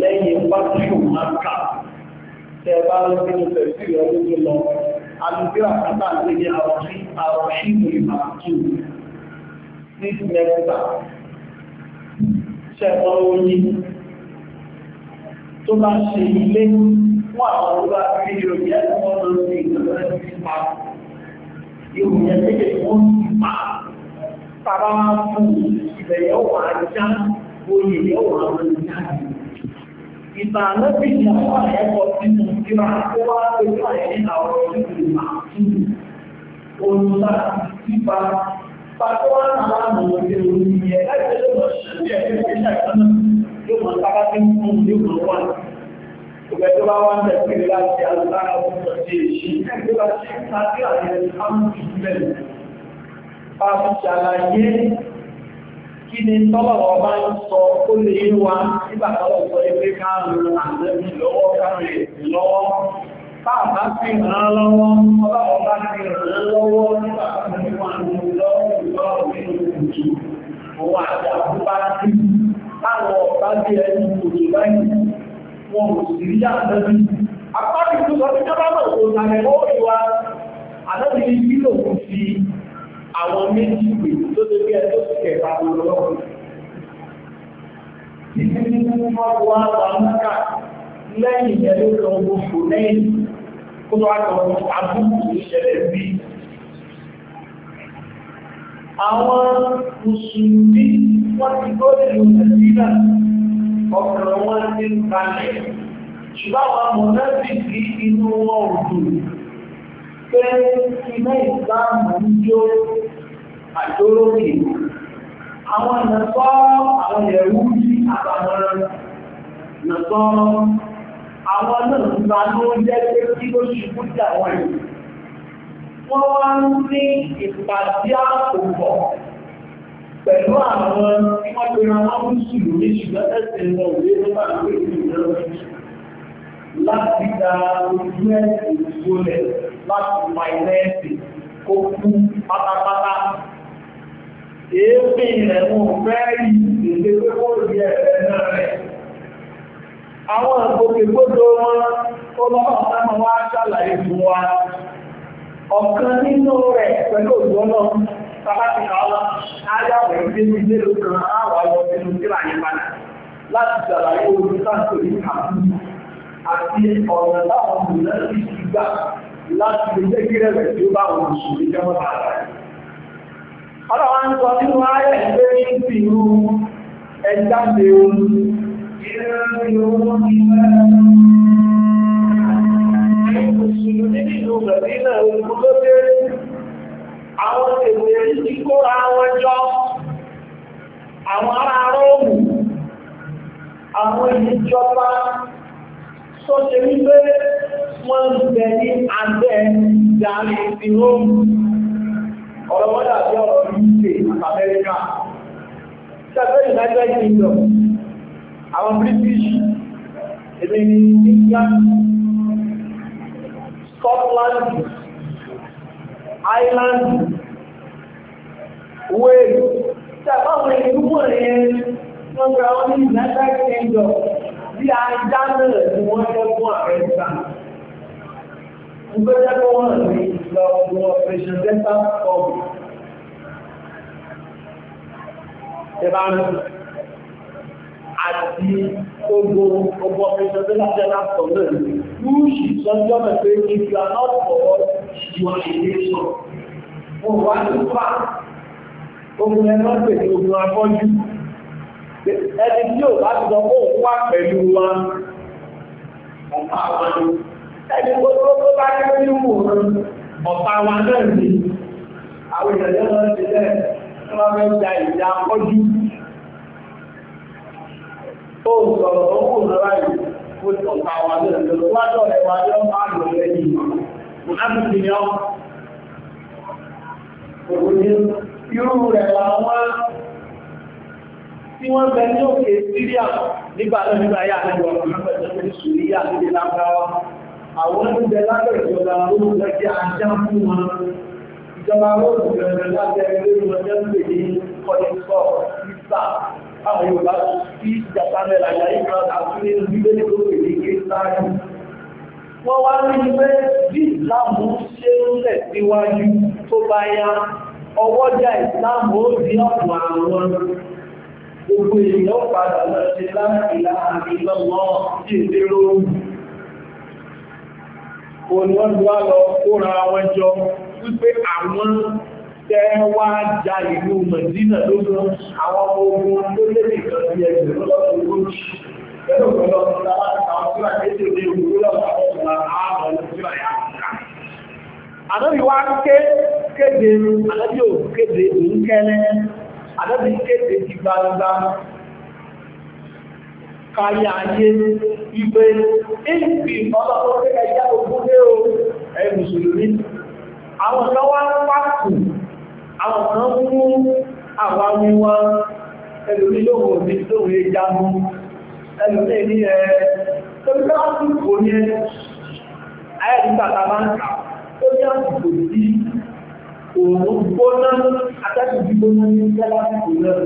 lẹ́yìn pàtíṣù maka tẹ́bá lọ́pínú pẹ̀lú ìrọ̀lógún lọ alùgbéra kátà lè ní àwọ̀ṣínú ìmàkí ní mẹ́ta oyin tó bá ṣe ilé fún bí i òjì ẹ̀sùn wọn lọ sí ìjọba wà á já oyè wà á lọ já ìgbà lọ́sí ìyàwó àyẹ̀kọ́ sínú ìgbà tó àwọn olùdíje máa fún olùdá pípa pàtó wá náà láàmú òde òní yẹn láti lè lọ sí ẹgbẹ́ ìgbésẹ̀ ìgbẹ́ tó bá wá ń tẹ̀sílẹ̀ láti alára ọmọ sí èṣì tó bá ṣe ń tàbí àyẹ̀ àmúṣùmẹ̀lẹ̀ bá fi ṣàlàyé kí ni tọ́lọ̀wọ́ bá ń sọ ó lè yí wa nígbà tọ́lọ̀ sọ ilé káàrùn àtẹ́bí lọ́wọ́ káàrùn èsì lọ́wọ́ Báàbá fi ràn lọ́wọ́, ọlọ́wọ́ bá fi ràn lọ́wọ́ nígbà tí wọ́n ń lọ́wọ́ lọ́wọ́ nínú ìjì, òun àti àbúbá sí, táwọn ọ̀bá bí ẹni kò tó báyìí wọn ò sì rí àtẹ́bí. Apáàkì tó sọ pé jábá náà kò sàrẹ̀ ó ìwà àtẹ́bí ní kí ló kù fi àwọn méjì pè tó ṣe bí ẹjọ́ sì kẹta lọ́wọ́. Títí ní wọ́n wá Bàmúkà lẹ́yìn ẹ̀lú kan gbogbo lẹ́yìn kó tó wá kan abúkù ìṣẹ̀lẹ̀ bí. Àwọn Mùsùlùmí wọ́n ti gbọ́dọ̀ lọ sí náà ọkàn wọn ti ń balẹ̀ ṣùgbọ́n àwọn mọ̀lẹ́bìkì inú wọn ò dùn pé iná ìsáàmù ń jó àjólókè àwọn ìnàtọ́ àwọn ẹ̀rú sí àbàmọ́ra ìnàtọ́ àwọn náà ń bá ló jẹ́ pé kí ló ṣubú jà wọ́n yìí wá ń ní ìpàdé àpòpọ̀ pẹ̀lú àwọn tí wọ́n pe ara wọn sùúrù ní ṣùgbọ́n ẹ̀sìn wọn ò lé nípa àwọn èdè ìjọba láti da ojú ẹ̀sìn ìgbólẹ̀ láti pa ilẹ̀ ẹ̀sìn kó kú pátápátá. Èébì rẹ̀ mú fẹ́ rí ìdílé pé kó rí ẹ̀fẹ́ náà rẹ̀. Àwọn ìgbòkègbodò wọn ó lọ́wọ́ bàbá ti nà ọ́ ájáwẹ̀ nínú ilé lókan àwọn ọmọ inú tí wàá nípa náà láti ṣàlàyé orí sáńtò ní àbúrò àti ọ̀rọ̀ táwọn mìíràn sì ti gbà láti lè jẹ́ kí rẹ̀ tí ó bá wọn sùn ní jẹ́mọ́ bàbá rẹ̀. Ọlọ́wọ́ ń sọ nínú ayé ìgbé ní ti irú ẹja lè ohun ìrìnrìn owó ti mẹ́rin. Mùsùlùmí nínú Bẹ̀rẹ̀ náà ogun ló dé àwọn ènìyàn ti kóra wọn jọ àwọn ará róòmù àwọn ìjọba tó ṣe wípé wọ́n ń bẹ ní abẹ́ ìdáni ti róòmù ọ̀rọ̀ wọ́n dàbí ọ̀rọ̀ ìṣe Amẹ́ríkà ṣẹ́fẹ́ United Kingdom àwọn British èmi ní England Scotland Ireland Wales tàbáwọn ìdúgbò rẹ̀ wọ́n gba wọn ní United Kingdom bí a já náà tí wọ́n fẹ́ fún ààrẹ gbà nígbẹ́jẹ́ tó wọ́n rí lọ wọ operation delta pub ẹ̀bá rẹ̀ àti ogo ogo operation delta pub náà lùsì sọ́jọ́ mẹ́fẹ́ if you are not for us ìjọ ìgbésọ̀. Mo wá ní fà, ogun ẹ̀rọ pè ní ogun afọ́jú. Ẹni tí ò bá ti sọ pé òun wà pẹ̀lú wa, ọ̀pá wa ni. Ẹni tó tó tó bá ní orí wò ó, ọ̀pá wa náà ni. Àwọn ìrẹ̀lẹ̀ lọ sí bẹ́ẹ̀, tí wọ́n fẹ́ ja ìjà afọ́jú. Ó sọ̀rọ̀ ó kò lọ́wọ́ yìí, ó sọ̀tà wa náà lọ́wọ́ lọ́wọ́ lọ́wọ́ lọ́wọ́ lọ́wọ́ mùnáfíkì ni ọ́ irú rẹ̀ làwọn tí wọ́n bẹ ní òkè síríà nígbà náà nígbà yà ní ọ̀pọ̀ mẹ́fẹ̀ẹ́ ní sùúríyà nílé lágbàwá àwọn oúnjẹ lábẹ́ ìjọba olóògbé jẹ́ ajá fún wọn ìjọba olóògbé lábẹ́ ilé ìwọ̀njẹ́ ń pè ní kọ́lẹ́sọ̀ ìsà àwọn Yorùbá sí ìjàpá mẹ́ra ìyá àti ilé ìgbélé tó pè ní wọ́n wá ní pé bí ìsìláàmù ṣe ń tẹ̀ síwájú tó bá yá ọwọ́jà ìsìláàmù ó di ọ̀pọ̀ àwọn gbogbo èèyàn padà lọ sí láti láàrin lọ́wọ́ sí ìdérò àwọn tẹ́wà já ìlú mẹ̀dínà lógún àwọn ọmọ ogun tó lé pẹ̀lú pẹ̀lú ọdún tàbá ti wá kéde àdọ́bí ò kéde kéde ti gbangba ayé ìgbé ìgbì ẹjá ogún lé o mùsùlùmí àwọn wá àwọn mú lóhùn ẹlùmẹ́ ní ẹ tọ́lá àsìkò ní ayẹ́dìgbàta máa ń kà tó ní àsìkò sí òun gbóná atẹ́kùn gbígbóná ní tọ́lá àsìkò náà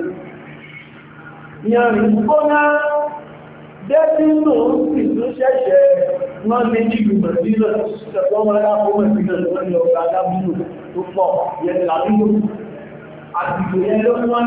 ìyàrin gbóná dẹ́bínú sì tún ṣẹ̀ṣẹ̀ wọ́n ní ìgbìmọ̀ sílẹ̀ ṣẹ̀tọ́ wọn lápọ́mọ̀ sílẹ̀ lọ́wọ́ ní ọ̀gá adábúrú tó pọ̀ yẹn làbúrú àsìkò yẹn ló wọ́n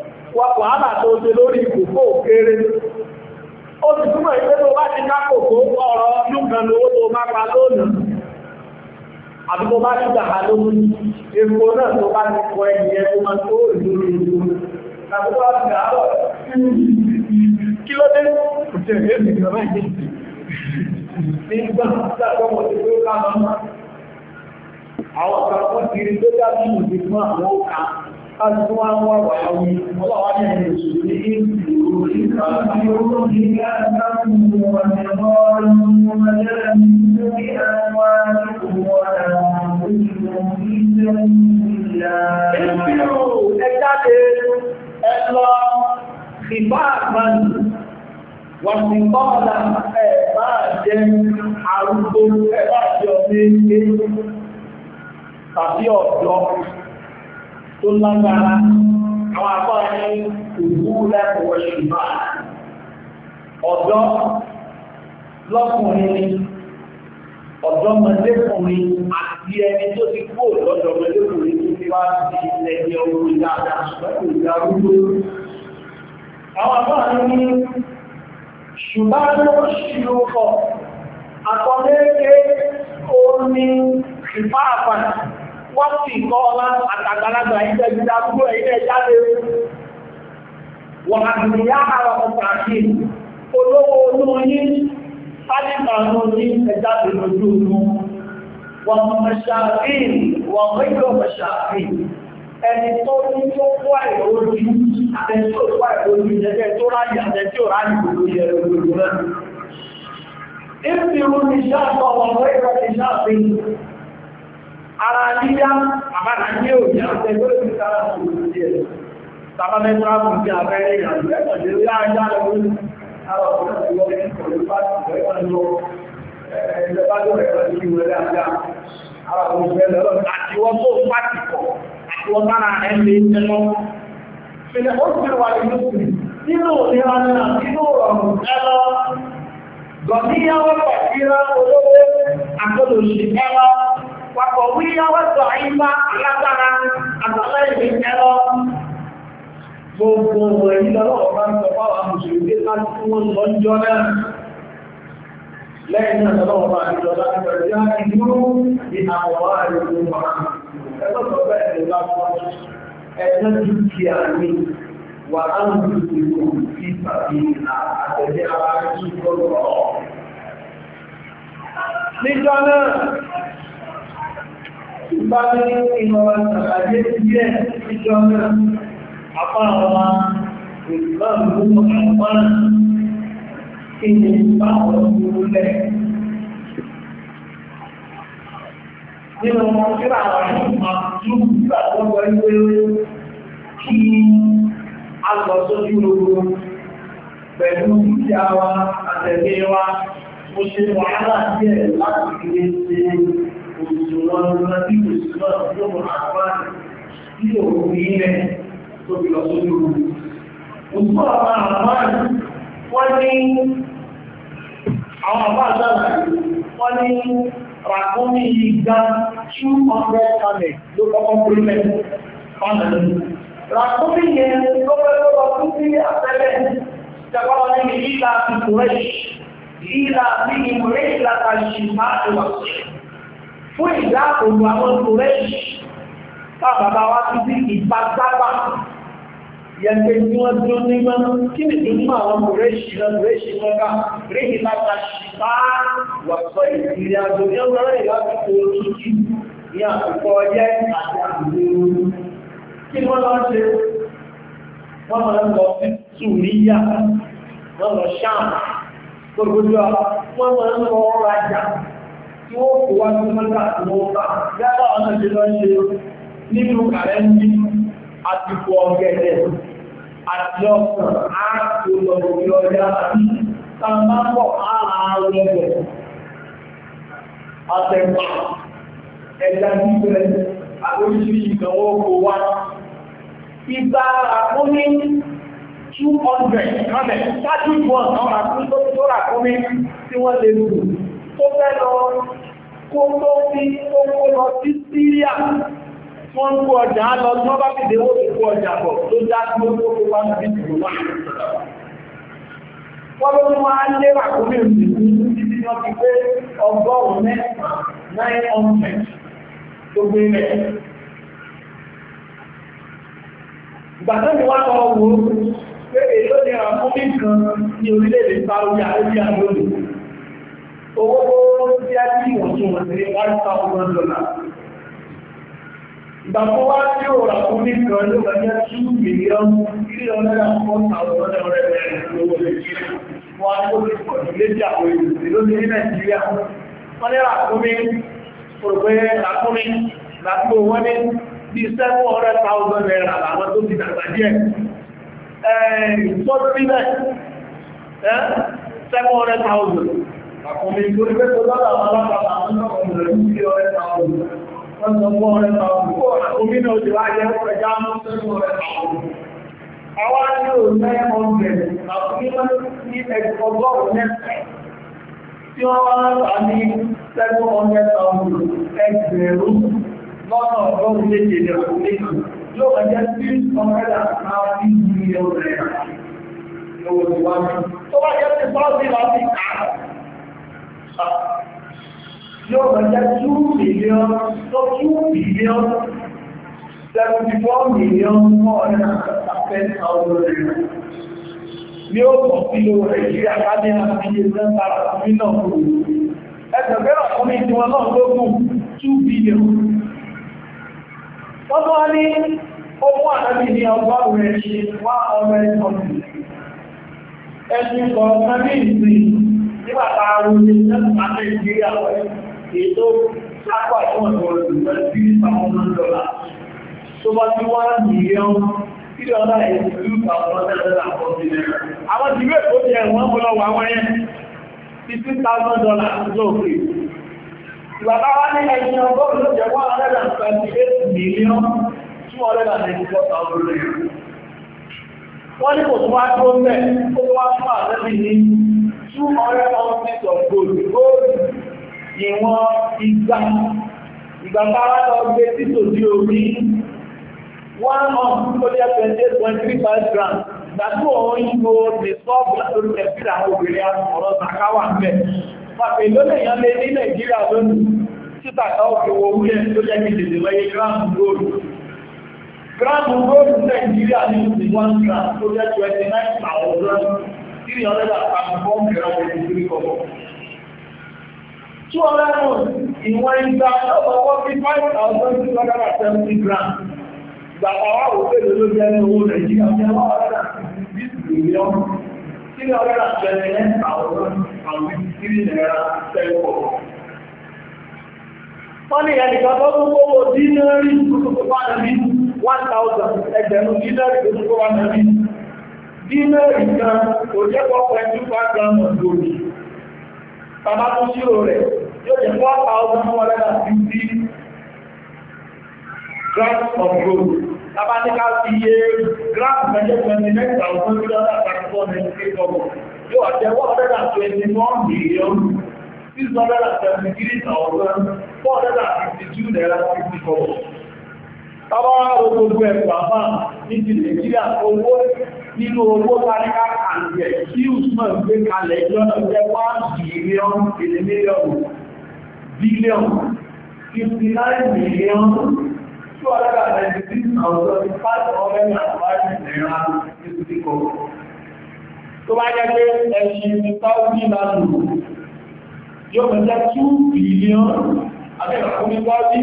wàhálà tó ṣe lórí kòkó kéré ó ti túmọ̀ ìpé tó bá ti kákòkó ọ̀rọ̀ lúkan lówó tó bá pa lónìí àbí tó bá ti gbàgbà lóhun epo náà tó bá ti kọ ẹni ẹ tó máa tó ìlú ìlú tàbí tó bá ti gbàgbà kí ló káàkiri wá wà wà áwí ọlọ́wà ní ẹ̀rẹ̀ òṣèlú ní ìlú ìpàdé orí agbábùnmọ̀ ọ̀dẹ̀mọ́ ọ̀rọ̀ ẹ̀rẹ̀ ní ẹ̀bá jẹ́ arúgbó ẹ̀bá jẹ́ ọmọ ẹgbẹ́ tàbí ọ̀dọ́ tó lágbára àwọn àpá ní ìlú lẹ́kọ̀ọ́ ṣùgbọ́n ọ̀dọ́ lọ́kùnrin ni ọ̀dọ́mọdékùnrin àti ẹni tó ti kó lọ́dọ̀mọdékùnrin tó ti wá sí ẹgbẹ́ orí dáadáa ṣùgbọ́n ìgbà rúgbó. Àwọn àbáà ní ní ṣùgbọ́n ló ṣírò kọ̀, àkọlẹ́gbẹ́ ó ní ìfáàfàà wọ́n sì kọ́ ọlá àtàgbàlagbà ilẹ̀ ìgbà gbogbo ilẹ̀ jáde wọ̀n àti ìyá àwọn ọ̀pọ̀ àti olówó olówó ní pálíkà ní ẹjáde lójú ojú wọ́n mọ̀ṣàfíìn wọ́n mẹ́jọ mọ̀ṣàfíìn ẹni tó ní tó wà ìrójú àtẹ́tò wà ìrójú ẹgbẹ́ tó ráyì àtẹ́tò ráyì gbogbo yẹ lójú rẹ̀ ara líyá àbára ní òjì àti ẹgbẹ́ òjìká àwọn òjì ẹ̀ tàbátẹ́gbà fún kí abẹ́rẹ́ ìrìnàjò ẹ̀kọ̀ lè rí ajá lọ́wọ́ ara ọ̀pọ̀ ìwọ̀n ìkọ̀lẹ̀ bá ti rẹ̀ wọ́n lọ ẹ̀ẹ́dẹ́gbàjọ́ rẹ̀ lọ́wọ́ ìwọ̀n ajá ara ọ̀pọ̀ ìwọ̀n àti wọ́n tó pàtìkọ̀ àti wọ́n bára ẹ̀ lè tẹ́mọ́ fìlẹ̀ ó ti wà nínú nínú òníra nínú ọ̀rùn ẹlọ gọ̀níyàwó pàtíra olówó àkọlòṣì ẹlọ wàpọ̀ wíyá wọ́sọ̀ àyíká alágbára àtàlẹ́yìn ẹlọ gbogbo ẹ̀yí lọ́wọ́ bá ń sọ fáwọn amùsùlùmí láti fún wọn lọ́jọ́ náà lẹ́yìn náà lọ́wọ́ bá ń jọ láti pẹ̀lú ìlú ní àwọn àìlú wọn ẹgbẹ́ sọ bẹ́ẹ̀ ló lápọ̀ ẹgbẹ́ dúkìá náà bá ní ìmọ̀ràn tàbí díẹ̀ ìjọ náà apá àwọn ìgbàlùmọ́ àwọn kí ni bá wọn dúró lẹ̀. Nínú ọmọ tí àwọn ìmọ̀ àdúgbò gbàgbọ́ wọlé kí a lọ sójú lóru pẹ̀lú ìjà wa àtẹ̀lé wa mo ṣe wàhálà díẹ̀ láti fi ṣe òṣùwọ̀n láti òṣùwọ̀n yóò mọ̀ àpáàdì tí òun ní ilẹ̀ tó fi lọ sójú ogun. Òṣùwọ̀n àwọn àpáàdì wọ́n ní àwọn àpáàdì wọ́n ní ràkúnmí igba 200 kamẹ̀ ló kọ́kọ́ pínlẹ̀ pánàlú. Ràkúnmí yẹn ìlà ìkùrẹ́ ìlà ní ìmúrẹ́ ìlà fún ìdáàbòbò àwọn kòrẹ́ṣì bàbá wa ti di ìpasápà yẹnpẹ tí wọ́n dún ní mọ́ kí ni tó mọ́ àwọn kòrẹ́ṣì lọ kòrẹ́ṣì mọ́ká ríhì láta ṣìpá wọ̀sọ́ ìrìn àjò ní ọlọ́rọ̀ ìlàkùnkù òtútù ní àkùkọ ọyẹ́ àti àbúrò kí wọ́n lọ ṣe wọ́n máa ń lọ sí tùríyà wọ́n wọ́n lọ tí ó kò wá ní mọ́ta ìwọ̀nba yára ọ̀nà tí lọ ṣe nínú kàrẹ́ndì àti fọ ọ̀gẹ̀dẹ̀ àti ọ̀sán àti olóògbé ọjà àti tàbábọ̀ ààrẹ̀gbẹ̀ àtẹ̀gbà ẹ̀dà gbígbẹ̀ àlóṣìí ìgbẹ̀wọ̀ kò wá ìgbà àkóní 200 kọ́mẹ̀ 30 wọn kọ́mà tó tó rà kọ́mẹ̀ tí wọ́n lè lù tó fẹ́ lọ kó tó fi owó lọ sí Síríà wọ́n kó ọjà lọ tí bá fi déwó tó kó ọjà bọ̀ tó dá tó tó kó wá sí ìgbòho wọ́n ló wá lé ràkúnmí òṣèlú títí wọ́n ti pé ọgọ́rùn-ún mẹ́ta 900 tó gbé rẹ̀ ìgbàtọ́ni wá lọ wo pé èyí ló ní ràkúnmí kan ní orílẹ̀-èdè Saudi Arabia owó tí a ní ìwòsàn thousand dollars ìgbà tó wá tí ó rà fún ní kan ló bá jẹ́ two million three hundred and four thousand hundred naira lówó nàìjíríà wọn á tó ti pọ̀ ní léjì àwọn èdè lónìí ní nàìjíríà thousand naira làwọn tó ti dàgbà díẹ̀ ẹ̀ẹ́dì tó ti bẹ̀ ẹ́ àkọ́mí tó rí pẹ́tọ́ lọ́dà àwọn alápàá àwọn ọmọ rẹ̀ ní ọ̀rẹ́ ta ọdún wọ́n sọ mọ́ ọ̀rẹ́ ta ọdún kó àkọ́mí náà ti wá jẹ́ ọ̀rẹ́já mọ́ sẹ́nu ọ̀rẹ́ ta ọdún àwọn ní òun náà ọ̀gbẹ̀ àkọ́mí ní ẹgbọ́gbọ́rún mẹ́ta tí wọ́n wá rà ní sẹ́nu ọ̀rẹ́ ta ọdún ẹgbẹ̀rún lọ́nà ọgọ́rùn-ún méje ní àkọ́mí yóò ẹjẹ́ sí ọmọdé àti ìlú ọ̀rẹ́ ta ọdún tó wá jẹ́ sí bọ́ọ̀sì láti kàá yóò kọjá 2 million tó 2 million 74 million 410,000 rẹ̀ ní ó pọ̀ sí ló rẹ̀ sí àkájẹ́ àti iye sẹ́ntàrà àmì náà kúrò ẹgbẹ̀rẹ̀ ọkùnrin tí wọn náà tó kù 2 billion wọ́n tó wá ní owó àtàbí ní ọgbọ́rùn-ún ẹ̀ṣin wá ọmọ ẹ̀ṣọ́sì ẹ̀ṣin kọ̀ọ̀kan ní ìsìn tí bàbá wọn ní lẹ́nà nàìjíríà wọ́n ètò sápà ìwọ̀n ìwọ̀n ìwọ̀n bí àwọn ọmọ dọ́là tó bá ti wá mílíọ̀n tí ọ̀la ìlú àwọn ọ̀dẹ́dẹ́dà pọ̀ sí lẹ́nà. àwọn ti rí èkó jẹ wọn mú lọ wà wọn yẹn fifty thousand dollars lóòkè. bàbá wa ní ẹ̀yìn ọgọ́rùn ló jẹ́ one hundred and twenty eight million two hundred and two hundred ounces of gold gold ìwọ̀n igba lọ one hundred ó twenty eight point three five grams ìgbàtí òun yíò lè sọ́ọ̀bù látòrí nàìjíríà àwọn obìnrin àtọ̀rọ̀ sàkáwà ń bẹ̀. pàpẹ lónìí èèyàn lè ní nàìjíríà lónìí títà káwọ́ fi wo wúlẹ̀ tó jẹ́ wáyé gíráàmù gíráàmù nàìjíríà Ìwọ̀n ìgbà ọ̀pọ̀pọ̀ sí 5,270 grams. Ìgbàpá wà wò pé ló jẹ́ owó Nàìjíríà ní ọwọ́ ọ̀rẹ́dà sí ìlúlẹ́ọ́n. Kí ni ọ̀rẹ́dà jẹ́ ẹ̀ẹ́ta ọ̀rọ̀ àwọn ìsìnkiri náírà tẹ́lẹ̀kọ̀? Wọ́n ní ẹnìkan tó tó kówó dínárì tó tó kó dínà ìkan kò jẹ́ pọ́pọ̀ ẹni pàtàkì ọmọ lórí bàbá tó ṣírò rẹ̀ yóò jẹ́ 4,150 grams of gold bàbá ní ká fi yé grams mẹ́jẹ́ 29,334 yóò jẹ́ 121 million 673,452 naira 54 Bàbá wa ro gbogbo ẹ̀kọ́ àbá ní ti Nàìjíríà owó nínú owó tàríkà kàndẹ̀ tí Usman gbé kalẹ̀ lọ́nà jẹ́ 1 billion billion billion 59 million 296,505 naira ìsìnkò tó bá jẹ́ pé ẹ̀ṣin ní táwọ́dí lánàá yóò mẹ́ta 2 billion abẹ́rẹ̀ fún ní táwọ́dí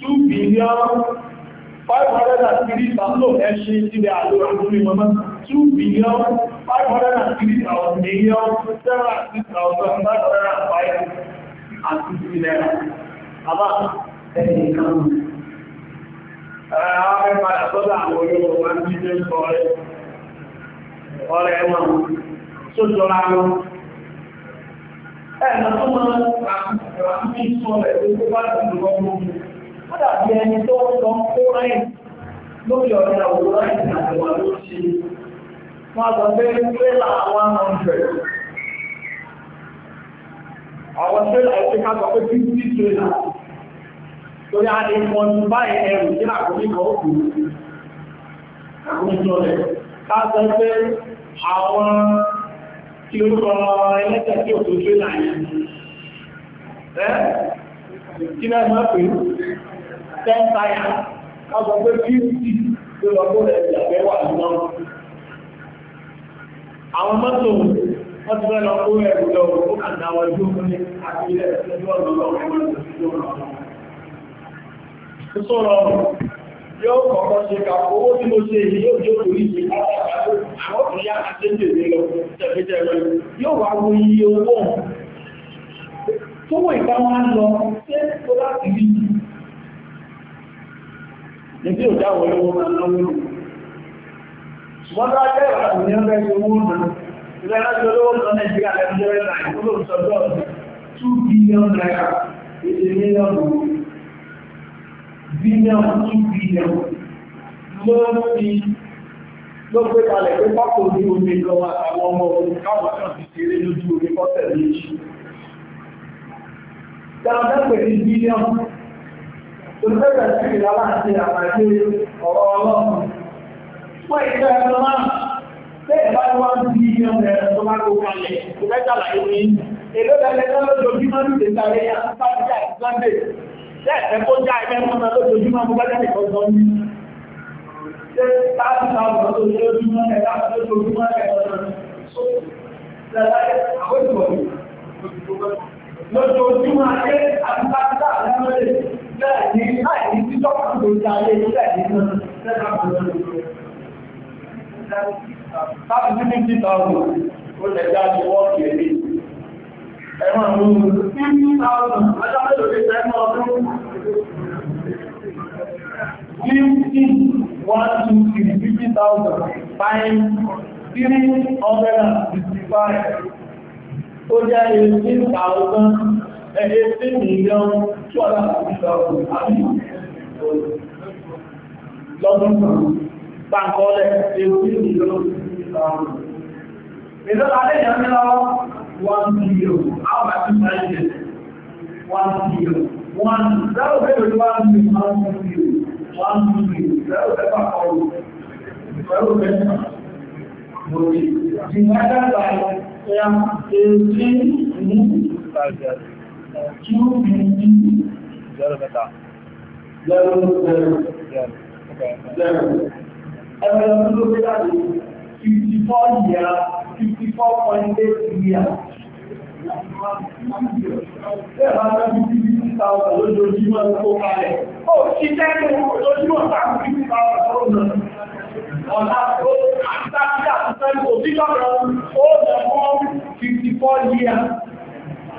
2 billion 503 tàbí ẹṣin 2 billion 503,000 million 7,505 àti ilẹ̀ àbá ẹni kan. Àwọn ẹgbẹ́ padà sọ́dọ̀ àwọn olóòwò wá ní ilé ìkọ́ ọ̀rẹ́ wọn tó jọra wọn. Ẹ̀nà tó máa ń pàtàkì ìsọ́rẹ̀ tó bá ti lọ́wọ́ ó dàbí ẹni tó ń lọ kó rẹ̀ lórí ọ̀rẹ́ àwòrán ìrìn àjọwà ló ṣe wọ́n sọ pé tírélà 100 àwọn tírélà ẹ̀ṣẹ́ ká sọ pé 50 tírélà torí a lè mọ ní báyìí ẹrù tí àkókò kan ó kù àkókò rẹ̀ ká sọ pé àwọn tí ó kọ ẹlẹ́tẹ̀ tí ò tó tírélà yẹn Kí náà máa pè é? ten times kájọ pé fifty tó lọ bó rẹ̀ ìyàgbẹ́ wà nínú. àwọn mọ́tò wọ́n ti fẹ́ lọ kó ẹ̀rù lọ ó kà ní àwọn ojú omi àti ilẹ̀ ìṣẹ́jú ọ̀nà lọ́wọ́ ìṣòro yóò kọ̀kọ́ ṣe kà owó tí mo ṣe èyí yóò jókòó níbi ò dáwọ̀ olówó máa ń náwó nù ṣùgbọ́n tó ajẹ́ ìwà ìní ọ̀rẹ́ owó nù ilẹ̀ láti olówó nù nàìjíríà lẹ́gbẹ̀ẹ́ rẹ̀ náà ìkúlò sọ́jọ́ 2 billion naira èdè mílíọ̀nù billion 2 billion ló fi ló pé kalẹ̀ pé pápò ní omi lọ àwọn ọmọ ogun káwọn kan ti kéré lójú omi kọ́tẹ̀ méjì dáadáa pẹ̀lú bílíọ̀nù Ìgbẹ́gbẹ̀ sí ìyàwó àti àpàdé ọ̀rọ̀ ọlọ́run. Fún ìgbẹ́ ẹ̀rọ máa, ṣé ìbáyé wá ń bí iye ọmọ ẹ̀rọ tó bá kó kalẹ̀, kò mẹ́ta láyé ní èlò lẹ́lẹ́gbẹ́ lójoojúmọ́ ní ìdẹ́sàrí àpájá ìsúláńdé. Ṣé ẹ̀fẹ́ kó já ẹgbẹ́ mọ́nà lójoojúmọ́ mo bá jẹ́ nìkan sọ ní. Ṣé táàbù táàbù lójoojúmọ́ ẹ̀dá lójoojúmọ́ ẹ̀dá lójoojúmọ́ ẹ̀dá lójoojúmọ́ bẹ́ẹ̀ ní láìní títọ́ kan tó ti ayé ilẹ̀ nínú ẹ̀ka kan lórí láti ní fífí tààrù ó lè jáde wọ́ọ̀kì èdè ẹ̀wọ̀n mú fífí tààrù ọjọ́ mélòó lè fẹ́ mọ́ ọdún fifty one two three fifty thousand five three hundred and fifty five ó jẹ́ eighteen thousand ẹ̀ẹ́sí mílíọ̀n 250,000 àbí lọ́dún pàkọ́lẹ̀ ẹ̀ẹ́sí mílíọ̀n 250,000 ìdọ́lá lẹ́yìn mílọ́wọ́ 1 billion àwọn àti ìpàdé 1 billion 1 dáwọ̀ pẹ̀lú 1 billion 1 billion 1 billion dáwọ̀ pẹ̀lú àkọlù pẹ̀lú pẹ̀lú Ìgbàjá ìgbàjá Ọ̀nà tó àti táwọn àti tẹ́lú òbí lọ́rọ̀ ó lọ fún 54 years.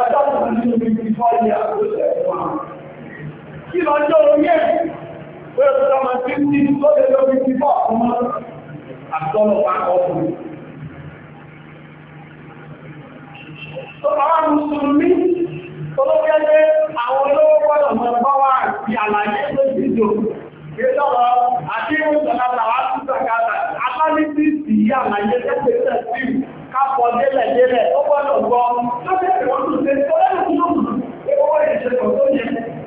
ọjọ́ kan nínú ibi fọ́ọ̀lì àkóṣẹ̀ fún àwọn. Kí lọ́jọ́ orí ẹ̀ pé ọjọ́ ọmọ tí ń ní tó lè lórí ti bọ́ ọmọ àtọ́lọ́pàá ọkùnrin. Tó àwọn Mùsùlùmí tó ló kẹ́lé àwọn olówó gbọ́dọ̀ mọ́ bá wà àti àlàyé tó dìjò. Ìjọba àti ìwòsàn àtàwọn àtúntàkàtà, apá ní ti ìyá àlàyé tẹ́tẹ́ tẹ́tẹ́ kápọ̀ délẹ̀ délẹ̀ ó gbọ́dọ̀ gbọ́ lọ́sẹ̀kẹ̀ wọ́n tún ṣe tó lẹ́nu tó lù pé owó ìṣẹ̀kọ̀ tó yẹ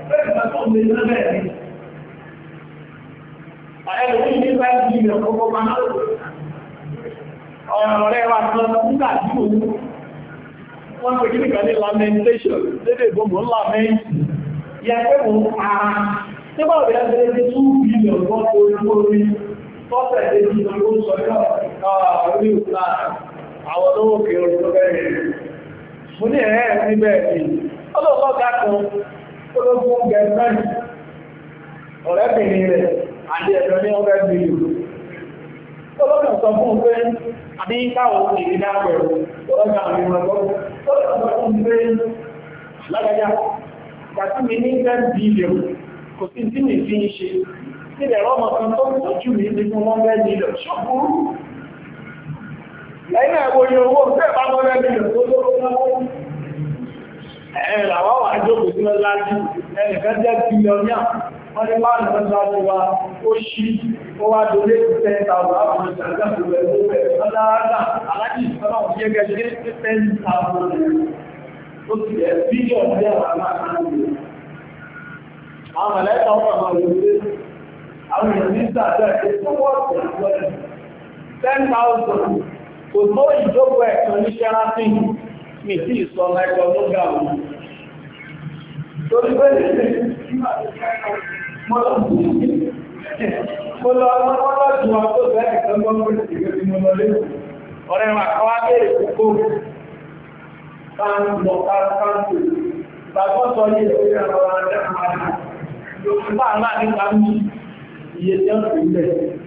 bẹ́ẹ̀ bá tó lè lọ bẹ́ẹ̀ ni. Ààrẹ ló ní bá ń bí ilẹ̀ gbogbo máa ń ọ̀rọ̀ rẹ̀ wà tán nígbà tí mo ní. Wọ́n pè kí nìkan ní lamentation lédè gbogbo ńlá mẹ́yìn. Yẹ pé mo ń para. Nígbà wo yẹ kí ẹni tún bí ilẹ̀ gbọ́ orí orí tọ́sẹ̀ lè di àwọn olówó kèrò tó bẹ̀rẹ̀ mú ní ẹ̀ẹ́ níbẹ̀ ni ọlọ́lọ́gá kan ológun gẹ̀ẹ́mẹ́rin ọ̀rẹ́bìnrin rẹ̀ àti ẹ̀rọ ní ọgbẹ́ bílù ológun sọ fún pé àbí káwọn ìrì dápẹ̀rù ọlọ́gá àwọn ìrìnàgbọ́ ológun sọ fún pé lágbàjá ìgbàtí mi ní ten billion kò sí tí mi fi ń ṣe síbẹ̀ rọ́mọ kan tó ń tọ́jú mi lẹ́yìn náà wo yẹ owó tẹ́ bá mọ́ lẹ́nu ìlú tó tó lọ́wọ́ ẹ̀rẹ̀ àwọn wà jókòó sí lọ́lájú ẹnìkan jẹ́ bílíọ̀nìà wọ́n ní máa nà ọ́nà ti wa ó ṣí ó wá dolé ten thousand àwọn ìṣàlẹ̀ àbúrò ẹ̀rọ ẹ̀rọ ọ̀dáradà aláàjì ìṣọ́nà òun jẹ́ gẹ́gẹ́ ten thousand ó ti ẹ̀ bílíọ̀nù jẹ́ àwọn ọmọ àwọn àwọn ìrìnlẹ́ta àti 10,000 kò tó ìjókòó ẹ̀kan ní sẹ́ráfín mi sí ìsọ ẹ̀kọ́ tó ga wù. Torí pé mo lọ mo lọ lọ́wọ́ ju àwọn tó bẹ́ẹ̀ kan gbọ́n pé ìgbẹ́ tí mo lọ lé. Ọ̀rẹ́ wa kọ́ abẹ́rẹ́ kókó káńtò káńtò bàbá sọ ní ìwé ẹ̀rọ ẹ̀rọ ẹ̀rọ Yorùbá aláàdínká mi iye tí ó fi bẹ̀rẹ̀.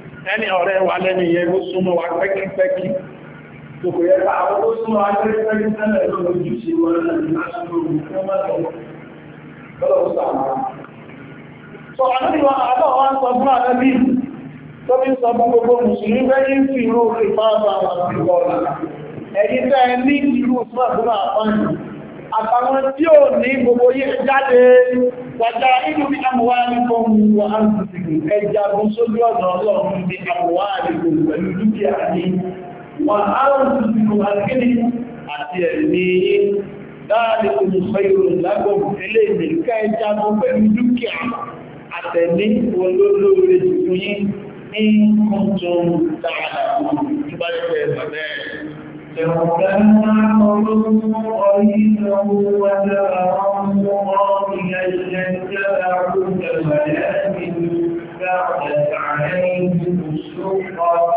ẹni ọ̀rẹ́ wa lẹ́ni yẹ ló súnmọ́ wa pẹ́kípẹ́kí tòkò yẹ ká àwọn tó súnmọ́ wa pẹ́kípẹ́kí tẹ́lẹ̀ lójú sí wọn láti lásìkò òun lọ́wọ́ sàmà sọ àdúgbò àbọ̀ wa ń sọ fún àdẹ́bí tó bí sọ fún gbogbo mùsùlùmí bẹ́yìn ń fi irú sí bọ́ọ̀lù ẹ̀yìn tẹ́ ní irú fún àtàwọn tí ò ní gbogbo yí jáde wàjá inú bí àmúwá ní fún wa á ti sìnkú ẹja bú sójú ọ̀nà ọlọ́run bí àmúwá ní gbogbo pẹ̀lú dúkìá ní wà á ti sìnkú àkíní àti ẹ̀mí dáàlẹ̀ olùfẹ́ ìròyìn lágbọ̀n لو كان عمرهم قريبا وتراه راضيا لاتبعوك ولكن بعدت عليهم الشقة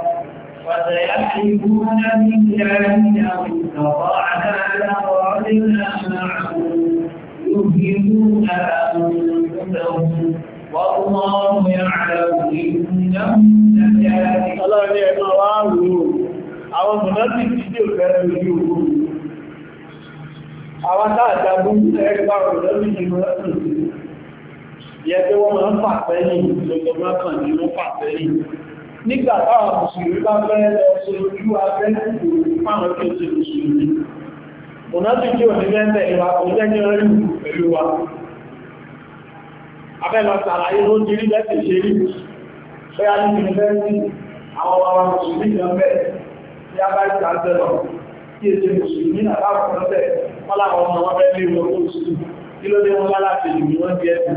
وسيحلفون بالله لو استطعنا لخرجنا معهم يهلكون nígbà táwọn mùsùlùmí bá fẹ́ lọ sojú abẹ́ fáwọn tó ti mùsùlùmí ọ̀nà tí kí òní lẹ́ẹ̀ẹ́ ìwà òjẹ́jẹ́ rí pẹ̀lú wa abẹ́lọ sàlàyé ló ti rí lẹ́sẹ̀ ṣe rí pé a ní yunifásitì àwọn ọmọ mùsùlùmí kan bẹ́ẹ̀ tí a bá ń sàájẹ́ lọ kí èsì mùsùlùmí àbáwọn ọ̀sẹ̀ wọ́n láwọn ọmọ wọn fẹ́ lé wọn kó sùn kí ló dé wọn lá láti ìlú wọn di ẹ̀sìn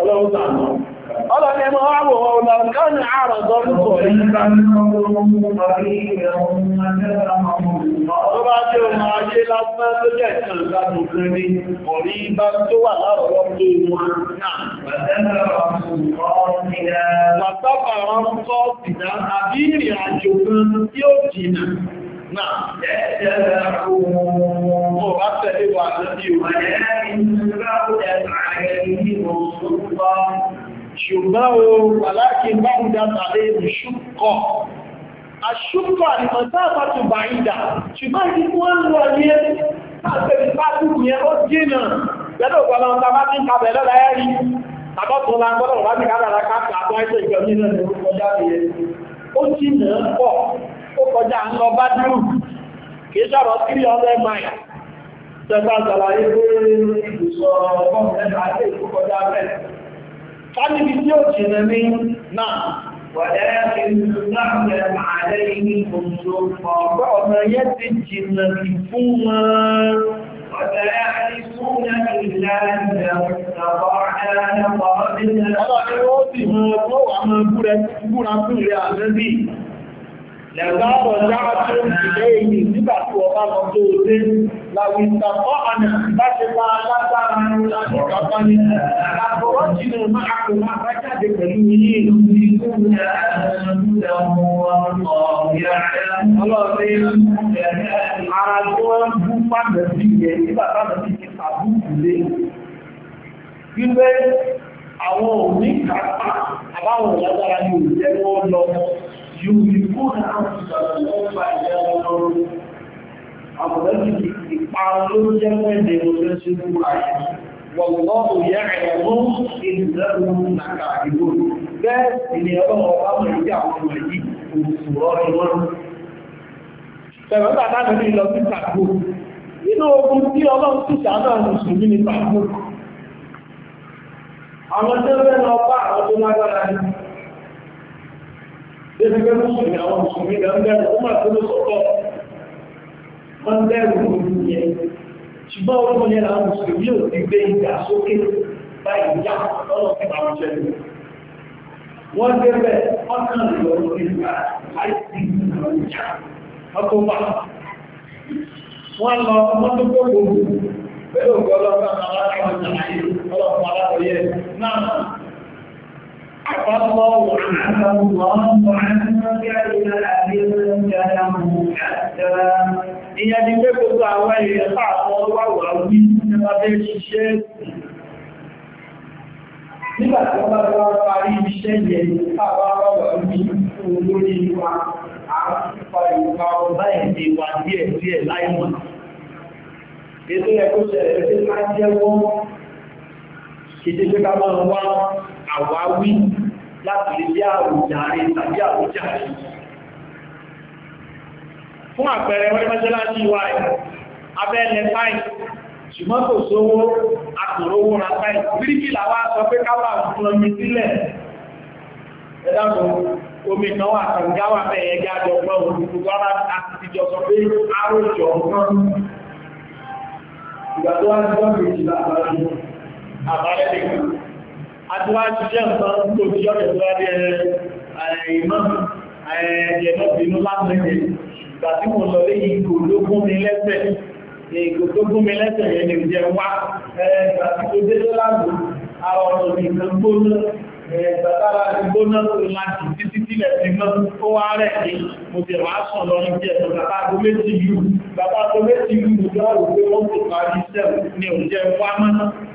ọlọ́run sàánà ọlọ́run ẹmọ àwọ̀ ọlọ́run kánà àrọ̀dọ́ lùkọ̀ tó bá jẹ́ ọmọ ajé lásán tó jẹ́ ìtàn láti kiri ọ̀rí bá tó wà lárọ̀lọ́ tó wọn náà pàtàkì àwọn kọ́ọ̀tì náà àbí ìrìn àjò kan tí ó jìnà náà ẹ̀ẹ́dẹ̀ ọ̀rọ̀ bá tẹ̀lé wà lórí òun ṣùgbọ́n o aláàkí bá ń dá tàbí ìṣúkọ̀ àṣúkọ̀ àìmọ̀tá àpàtù bá ń dà ṣùgbọ́n ìdí tí wọ́n lọ ní àgbẹ̀rẹ̀ pàtàkì yẹn ó jìnà lẹ́dọ̀ ọ̀pọ̀lọpọ̀ bá ti ń kàbẹ̀ lọ́la ẹ́rí tàbọ́tún la gbọ́dọ̀ wá ní kàbàrà káàkiri àbọ́ ẹ̀ṣẹ̀ ìgbẹ̀mí náà ní ó kọjá ń lọ bá dúró kìí sọ̀rọ̀ 300 miles tẹ́gbà sàlàyé pé ìbùsọ̀ ọgbọ̀n mẹ́ta àti ìkókọjá bẹ́ẹ̀ fánibí tí ó jìnà ní náà Ọ̀nà yẹ́ ti jìnà kì fún wọn. Ọ̀tẹ̀lẹ́ àìsúnà ìlànà ìjọba ọ̀rẹ́ lẹ́gbàbọ̀ láàtí ìlé ìlú nígbà tí ọba lọ tó dé láwí ìtàkọ́ àmì láti bá alágbára láti kàbá ní àkọ́wọ́ jìnà máa kò máa bá jáde pẹ̀lú yìí ìlú ní ìlú ara tí wọ́n ń bú pàdé sí ìyẹn nígbà tábà sí ti àbúkù lé wípé àwọn òní kàpá àbáwọn ìlágbára ní òjẹ́ wọ́n lọ يملكون أنفسهم وهم يعلمون أولئك يقالون جميعا لنفسهم عين والله يعلم إنهم لكاذبون بس اللي يراه الأمر يجعل المجيء والصورة الأمر Tẹ̀wọ́n tàbí àmì ìlọ sí Tàkó. Nínú ogun tí ọlọ́run sì ṣàánà Mùsùlùmí ní Tàkó. Àwọn tí ó fẹ́ lọ bá àwọn tó lágbára ní débi ṣùgbọ́n oòrùn àwọn mùsùlùmí ò ti gbé ìgbà sókè báyìí yá lọ́nà tí màá jẹ́ lù wọ́n débẹ̀ wọ́n kàn lọ ìgbà láìsí ìgbà ọkọ̀ wọ́n lọ wọ́n فالله عفى الله عنك إذا أذنت له حتى ìyẹn ni pé gbogbo àwọn èèyàn pàtàkì wà wà ní nípa bí ṣiṣẹ́ nígbà tí wọ́n bá bá parí iṣẹ́ yẹn pàtàkì wà wà ní olórí wa àpá ìwà ọba ẹ̀dẹ̀ wà díẹ̀ díẹ̀ láìmọ̀ ètò ẹ̀kọ́ ṣẹlẹ̀ tí wọ́n jẹ́wọ́ kéde pé ká máa wá àwáwí láti lè bí àwùjà rẹ̀ tàbí àwùjà rẹ̀ fún àpẹẹrẹ wọ́n mọ́ṣáláṣí wà ẹ̀ abẹ́lẹ̀ táì ṣùgbọ́n kò sówó àtòrówó ra táì bíríkì làwá sọ pé káwà fún omi sílẹ̀ ẹ̀dàbọ̀ omi náà wà kàngáwà bẹ́ẹ̀ ẹgbẹ́ àjọpọ̀ olùgbọ́nà àtijọ́ sọ àbárẹ́lẹ̀ àtúwá jíjẹ́ nǹkan tó ti ọ̀rẹ́ tó rí ìmọ̀ ẹ̀yẹ̀nà bínú lápẹ́jẹ̀ ìgbà tí mo lọ léyìn ìgò ló gún mi lẹ́sẹ̀ ìgò tó gún mi lẹ́sẹ̀ yẹn ni ìjẹ wá ìgbà tí mo dé tó láàbò àwọn ọ̀rọ̀ mi kan gbóná ìgbà tára ti gbóná tó láti títí tílẹ̀ ti mọ́ ó wá rẹ̀ ní mo ti wá sàn lọ ní jẹ́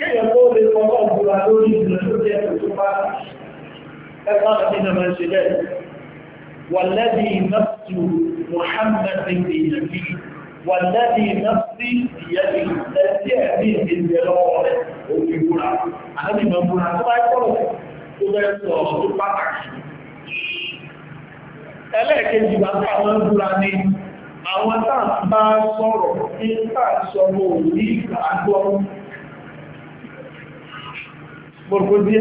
kéèyàn tó lè fọwọ́ ìgbìmọ̀ lórí ìgbìmọ̀ tó jẹ́ tó bá ẹgbẹ́ àti ìjọba ṣe bẹ́ẹ̀ wàlẹ́bí nọ́ọ̀sì Muhammad bin ìyẹ̀bí wàlẹ́bí nọ́ọ̀sì ìyẹ̀bí lẹ́sí ẹ̀mí ìdíje lọ́wọ́ rẹ̀ òkè búra àti ìmọ̀ búra tó bá kọ́ tó bẹ́ẹ̀ sọ ọ̀rọ̀ tó pàtàkì ẹlẹ́ẹ̀kejì wà sí àwọn búra ní àwọn táà bá sọ̀rọ̀ ní táà sọ̀rọ̀ òní àgbọ̀rún gbogbo bí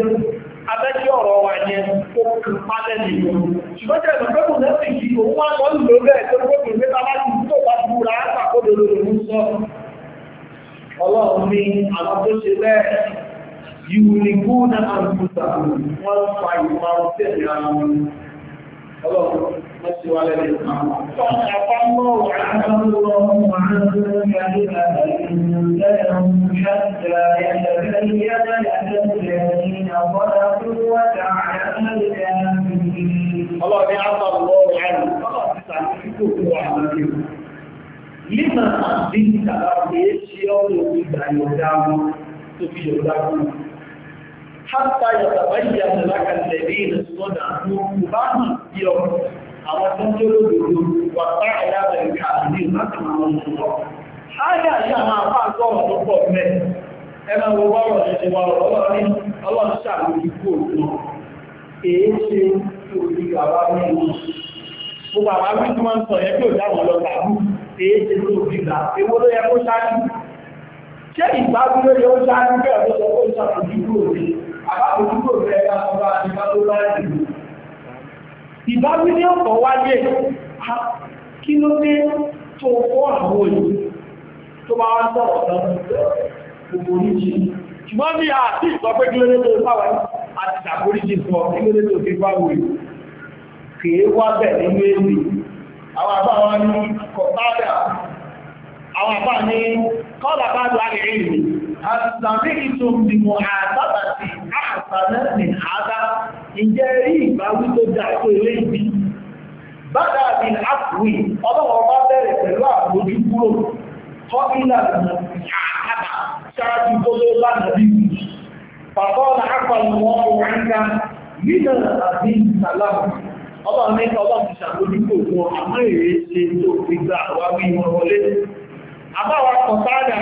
abẹ́kí ọ̀rọ̀ wà yẹn ó kù pálẹ̀ nìkan ṣùgbọ́n jẹ́ ìgbẹ́kùn lẹ́sìn yìí òun wá lọ lò bẹ́ẹ̀ tó gbogbo mẹ́ta láti tó bá búra àpàkódò lòlòrùn sọ ọlọ́run ní àwọn tó ṣe bẹ́ẹ̀ yìí ní kú náà àrùn ọlọ́run má ṣe wá lẹ́nu àwọn. Àpamọ́ àtàlọ́ àwọn ìyàrá ìrìnlẹ́rùn ṣáàjà ẹ̀ẹ́dẹ̀rẹ́ yára ìjẹ́jẹ́ ní àwọn akúrúwà dáadáa lẹ́yìn. Ọlọ́run àpamọ́ àrùn ọlọ́run ti sàkóso fún àwọn akéwì. Límà àbí ìtàlá kìí ṣe ọ́ lórí ìgbà yọ̀dá wọn tó fi yọ̀dá wọn. hátà yàtàbáyà tàbákà lẹ́bí ìrìnṣọ́dà ní ọkùnbá náà bí ọ àwọn tó ń tó lóòdòdó wà tá àyàbà ìkà àdí látàmà wọn lọ́wọ́. Háyà yà máa fà sọ́rọ̀ tó pọ̀ mẹ́. Ẹ máa wo wọ́rọ̀ ṣe wà ọ̀rọ̀ ní ọlọ́run ṣàlùkù kò náà. Èé ṣe òbí bàbá mi wọn. Mo bàbá mi tí wọ́n ń sọ yẹ kí ò dáwọn lọ tàbú. Èé ṣe tó bí gbà. Èwo ló yẹ kó ṣáájú? Ṣé ìgbàgbọ́ ló yẹ kó ṣáájú bẹ́ẹ̀ ló sọ àbábòjúkò rẹ̀ ẹ̀ka ọba àti ká tó láti. Ìbáwí ní ọ̀pọ̀ wáyé, kí ló dé tó fọ́ àwọn òyìn tó bá wá sọ̀rọ̀ lọ́nà gbogbo oríjì. Ṣùgbọ́n bí a ti sọ pé kí ló dé tó fáwà àti ìdàkóríjì sọ kí ló dé tó fi fáwà òyìn. Kèé wá bẹ̀ nínú èdè. Àwọn àbáwọn ní kọ̀tádà àwọn àpá ní kọ́lá bá lọ àrẹ̀ ìlú àtàrí ìtòm di mọ̀ sí àtàrà ní àádá ìjẹ́ rí ìbáwí tó dá ilé ìbí bádà bí àfúwì ọlọ́wọ́ bẹ̀rẹ̀ pẹ̀lú àbójú kúrò kọ́kílà ọba mẹ́ta ọba ti ṣàbójú kò fún ọ èrè ṣe tó fi gba àbáwà kọ̀tàdà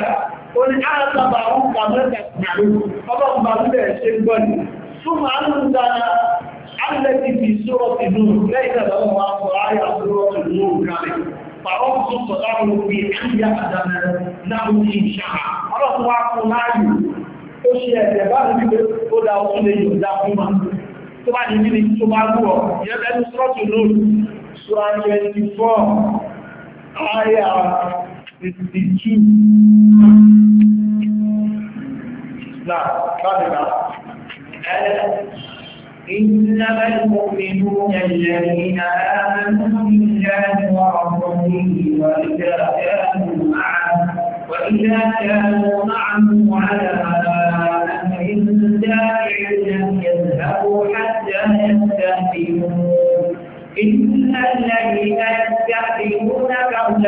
ó ní àtàbà ń pàmẹ́ta ìgbàlú ọlọ́run bá lúlẹ̀ ṣe ń gbọ́ni súnmọ́ àlùdá alẹ́bí fi sọ́rọ̀ ti nù lẹ́yìn àdáwọn wa sọ ayà sọ́rọ̀ ti nù kalẹ̀ pàrọ̀ tó sọ láwọn òfin àyà àdáná náà ń fi ṣáà ọlọ́run wa kún láàyè ó ṣe ẹ̀jẹ̀ bá ní pé nílé tó bá rú ọ̀ ìyẹ́bẹ̀ẹ́nu sọ́rọ̀ 24 ayà نعم قادمة إنما المؤمنون الذين آمنوا بالله ورسوله وإذا كانوا معه وإذا كانوا معه على أمر داع لم يذهبوا حتى يستهزئون إن الذين يستهزئونك أولئك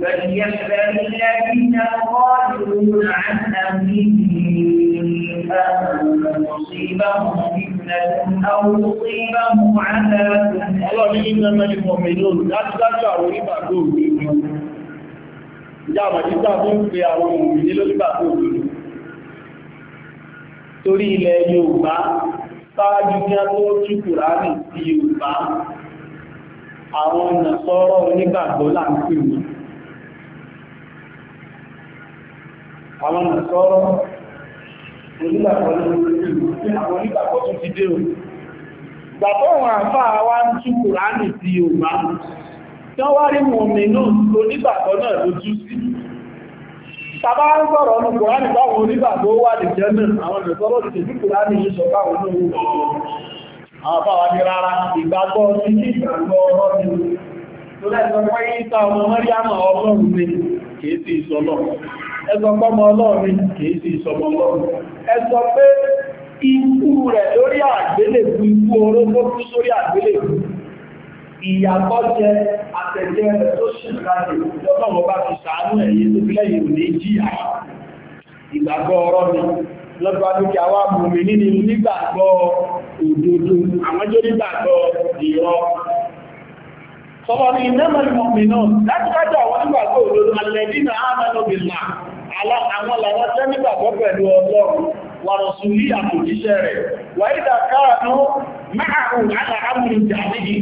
فليحذر الذين قالوا عن أمرهم أن تصيبهم فتنة أو يصيبهم عذاب الله إنما المؤمنون لا تدعوا عبادهم Ìjá àmàjí tàbí ń pe àwọn òmìnir lórígbà tó òmìnir. Torí ilẹ̀ Yorùbá, sáájú ní a tó túkùrá ní ti Yorùbá, àwọn ìnàṣọ́rọ̀ onígbàgbọ́ là ń wọn. àwọn nàṣọ́rọ̀ onígbàgbọ́ ló ti tó ti dé o gbàgbọ́ wọn àfáà wá ń tú kùránì ti yorùbá tí wọ́n wá rí mọ̀mí náà onígbàgbọ́ náà ló tú sí tàbá ń sọ̀rọ̀ ọ̀nà kùránì báwọn onígbàgbọ́ wà lè jẹ́ náà àwọn nàṣọ́rọ̀ ti tú kùránì yìí sọ báwọn náà àwọn àfáà ní rárá ìgbàgbọ́ ti ní ìgbàgbọ́ ọ̀rọ̀ tó lẹ́sọ̀ ẹ sọ pé ọmọ ọlọ́run kìí sí ìsọmọ ọlọ́run ẹ sọ pé ikú rẹ̀ lórí àgbélébù ikú oró tó kú sórí àgbélébù ìyàtọ̀ jẹ àtẹ̀jẹ́ rẹ̀ tó ṣìláyè lọ́nà bá ti sàánú ẹ̀yẹ tó fi lẹ́yìn òní jíyà ìgbàgbọ́ ọ̀rọ̀ ni lọ́dọ̀ adókè àwọn àmùmí nínú nígbàgbọ́ òdodo àmọ́jọ́ sọ́wọ́ni ìnámọ̀lì mọ̀mìnàn láti dájọ́ àwọn nígbàgbọ́ òdodo alẹ́dínà ámàlóbìnà àwọn làwọn tẹ́ nígbàgbọ́ pẹ̀lú ọlọ́run wà rọ̀sùlí àpòjíṣẹ́ rẹ̀ wà ìdà káàánú márùn-ún aláàmùn ìjàmìdì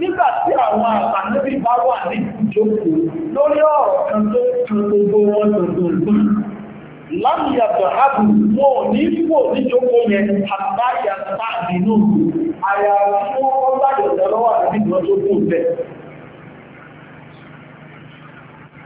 nígbà tí àwọn àpànẹ́bí bá wà ní ìjókòó lórí ọ̀rọ̀ kan tó kan gbogbo wọn lọ́dọ̀ọ̀dún lámìyàtọ̀ àbù wọn ò ní pò ní jókòó yẹn àbáyà sáàdì náà àyà fún ọgbàdọ̀ lọ́wọ́ àti ìdíwọ́n tó kò bẹ́ẹ̀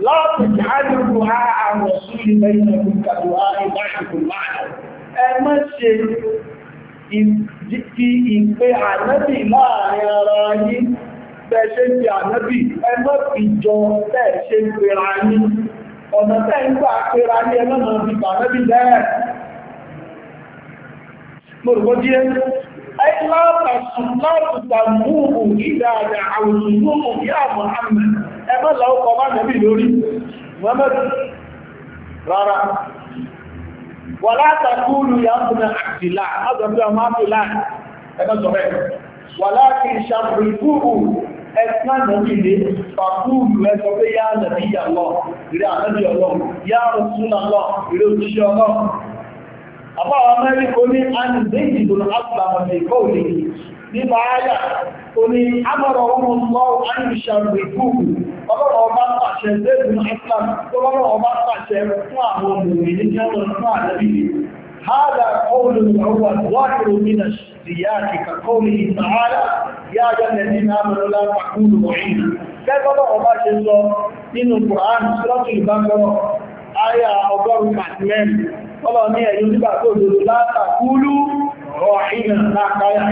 لا تجعلوا دعاء الرسول بينكم كدعاء بعضكم بعضا ẹ má ṣe fi ìpè ànábì láàrin ara yín bẹ́ẹ̀ ṣe ń pe ànábì ẹ má fi jọ bẹ́ẹ̀ ṣe ń ọ̀nà tẹ́ ń gbà pera yín ẹ má máa fi bẹ́ẹ̀ mo rò أي لا تسموه إذا دعوتموه يا محمد أما لو قضى النبي لوري محمد رارا ولا تقولوا يا ابن عبد الله هذا هو ما في لا أما صحيح ولكن شرفوه ẹ̀sán nàbí ilé pàkúùlù ẹ̀sọ pé yá nàbí yà lọ ìrẹ́ àmẹ́bí ọlọ́ yá rọ̀ àbáwọn mẹ́ríkò ní àndéjìdùn àpàmọ̀lẹ̀ ìkọ́ọ̀lẹ̀ nípa ayà o ní amọ̀rọ̀ ọmọ lọ́wọ́ àìṣàrìkú ọlọ́rọ̀ ọba pàṣẹ lẹ́gùn islam ọlọ́rọ̀ ọba pàṣẹ fún àwọn obìnrin ní jẹ́wọ̀n fún àdébìrì هذا قول هو الظاهر من السياق كقوله تعالى يا الذين امنوا لا تقولوا معين كيف الله ما شاء الله ان القران سوره البقره àyà ọgọ́rùn mẹ́rin ọlọ́ ní ẹ̀yìn nígbà tó dòdò látàkúlú rọ̀ ìrìn láàkáyà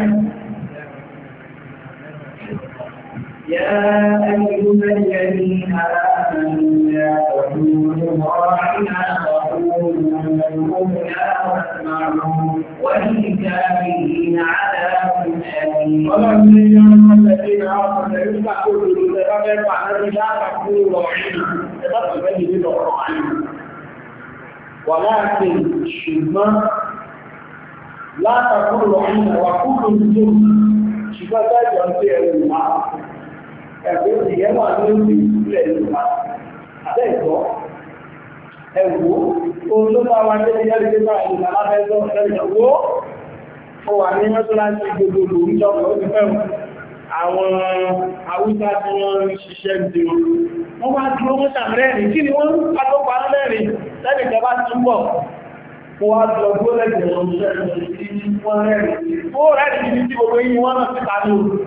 يا أيها الذين آمنوا لا تقولوا راعنا وقولوا انظرنا واسمعوا وللكافرين عذاب أليم. ولم يعلم الذين آمنوا يسمعوا بالكلام يسمع الذين لا تقولوا راعنا تبقى بين راعنا ولكن شبه لا تقولوا راعنا وقولوا انظرنا شبه ذلك أنت يا ẹ̀gbẹ́ ìyẹn wà ní orí ìpínlẹ̀ Yorùbá àtẹ́ẹ̀kọ́ ẹ̀wò ohun tó máa wá ní ẹgbẹ́ ìgbẹ́ bá ìlú alábẹ́sọ̀ ẹ̀wò ó wà ní mọ́tòláṣí gbogbogbò ìjọba ó ti fẹ́ àwọn awúsá tí wọ́n ń ṣiṣẹ́ di o wọ́n bá dúró wọ́n ṣàmìlẹ́rìn kí ni wọ́n ń pàtọ́pàá lẹ́rìn lẹ́nì kẹfà túnbọ̀ kó wá lọ gbó lẹ́gbẹ̀ẹ́ wọn ṣẹ́rìn sí wọ́n rẹ̀rìn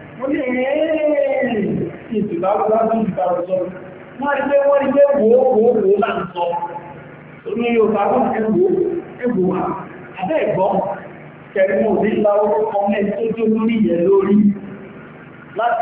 mo ní ẹ̀ẹ́rẹ́ ìtìláwọ́ láti ìtàrọ̀sọ́ wọ́n rí pé wọ́n rí pé wòówòówò láǹsọ́ orí Yorùbá wọ́n ẹgbò ẹgbò wà abẹ́ ẹ̀gbọ́ kẹrin òní láwọ́ ọmọ ẹ̀ tó tó lórí lórí láti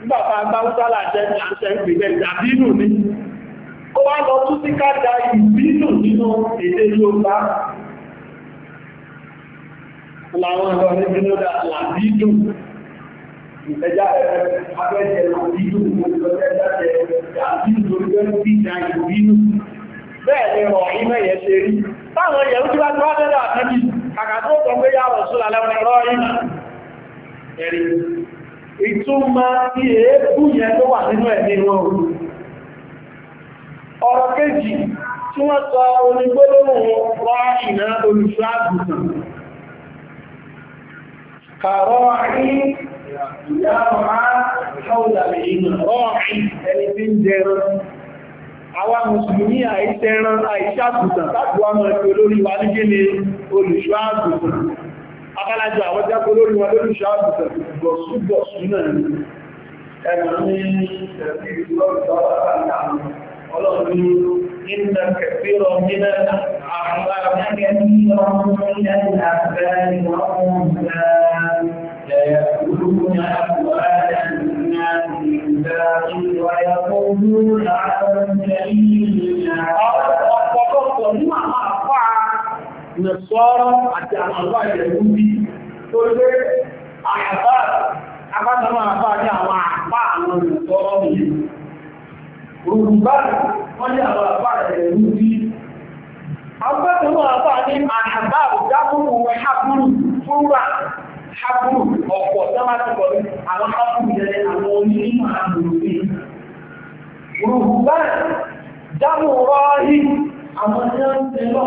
nígbàtà agbáwúsálà jẹ́ ní àṣẹ ìpìlẹ̀ ìdàbínú ní ó wá lọ tún sí káàkiri ìbínú nínú èdè Yorùbá láwọn ọ̀rọ̀ oníbínú làbídù ìfẹ́já abẹ́jẹ̀ làbídù bẹ́ẹ̀ ni ọ̀rọ̀ ìmẹ́ yẹ ṣe rí táwọn yẹ̀ ń tí wá tí wá tẹ́lẹ̀ àtẹ́bì kàkà tó tọ́ pé yà rọ̀ sólà lẹ́wọ̀n ẹ̀rọ ìmẹ́ ẹ̀rí ìtumọ̀ tí èébù yẹn tó wà nínú ẹ̀mí wọn ọ̀rọ̀ kejì tí wọ́n sọ onígbólóhùn wá ìná olùṣọ́ àgùntàn kàrọ̀ àrí ìyàwó àwọn mùsùlùmí àìṣẹ́ran àìṣàgùntàn tàbí wọn mọ̀ olórí wa ní gẹ́lẹ̀ olùṣọ́ àgùntàn abálájọ àwọn jákó lórí wọn lórí ṣáàbùsẹ̀ gbọ̀súgbọ̀sú náà ni ẹ̀mà ní ẹ̀bí ọlọ́run nẹ̀sọ́rọ̀ àti àwọn ìrẹ̀kú bí tó lé àyàbá agbátàmà àbá ní àwọn àpá àwọn nẹ̀sọ́rọ̀ yìí rùrùbá wọ́n ní àwọn àbá ìrẹ̀kú bí agbátàmà àbá ní àyàbá ìjábùrù wẹ hábùrù fúnra hábùrù ọ̀pọ̀ tẹ́mátìkọ̀ àwọn hábùrù jẹ́ àwọn onímọ̀ àbùrù bí rùrùbá jábùrù rọ́ọ̀hì àwọn tí wọ́n ń tẹ́lọ̀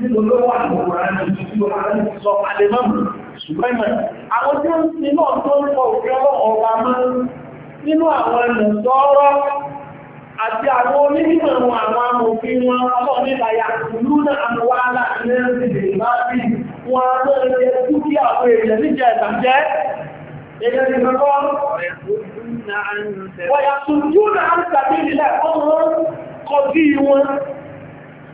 nínú ló wà ní ọ̀rán ní ọ̀rán sọ alẹ́mọ́mù ṣùgbẹ́mọ̀ àwọn tí ó ti náà tó ń pọ̀ òkèrọ ọ̀wà máa nínú àwọn ẹ̀nà sọ́ọ́rọ́ àti àwọn onímọ̀ àwọn amòfin wọn ọlọ́ nílàyà lúnà àmúwálà ní ẹ̀rẹ́sìdè bá bí wọn lọ́rẹ̀ dúkìá àwọn èèyàn níjẹ̀ ìtàjẹ́ Èdè ìrọ̀kọ́, wọ̀yà tún yúnà ń tàbí ìlẹ̀ ọmọ kọjú wọn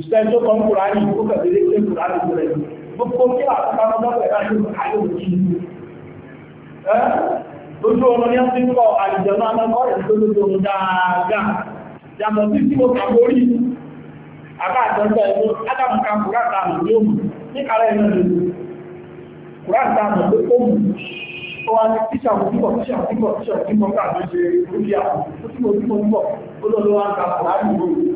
ìṣẹ́ tó kọ́ kùránì ó kẹ̀lé ṣe kùránì rẹ̀ gbogbo kí àtàkọ́ lọ́pẹ̀ láti ayé òjì lójú ọmọ ní ọdún kọ àjẹ̀nà anáwọ̀ ìdólódó dáadáa yàtọ̀ sí tí mo kàwọ́ rí àbá àjọ́jọ́ ẹ̀mọ́ ádámùká kùrátà ní òmù ní kàrẹ́ ìrìn àjò kùrátà ní òmù ó wá ní tíṣà òkúkọ̀ tíṣà òkúkọ̀ tíṣà òkúkọ̀ káàkiri ṣe orí àwọn tó tí mo tí mo ń bọ̀ ó lọ́lọ́wọ́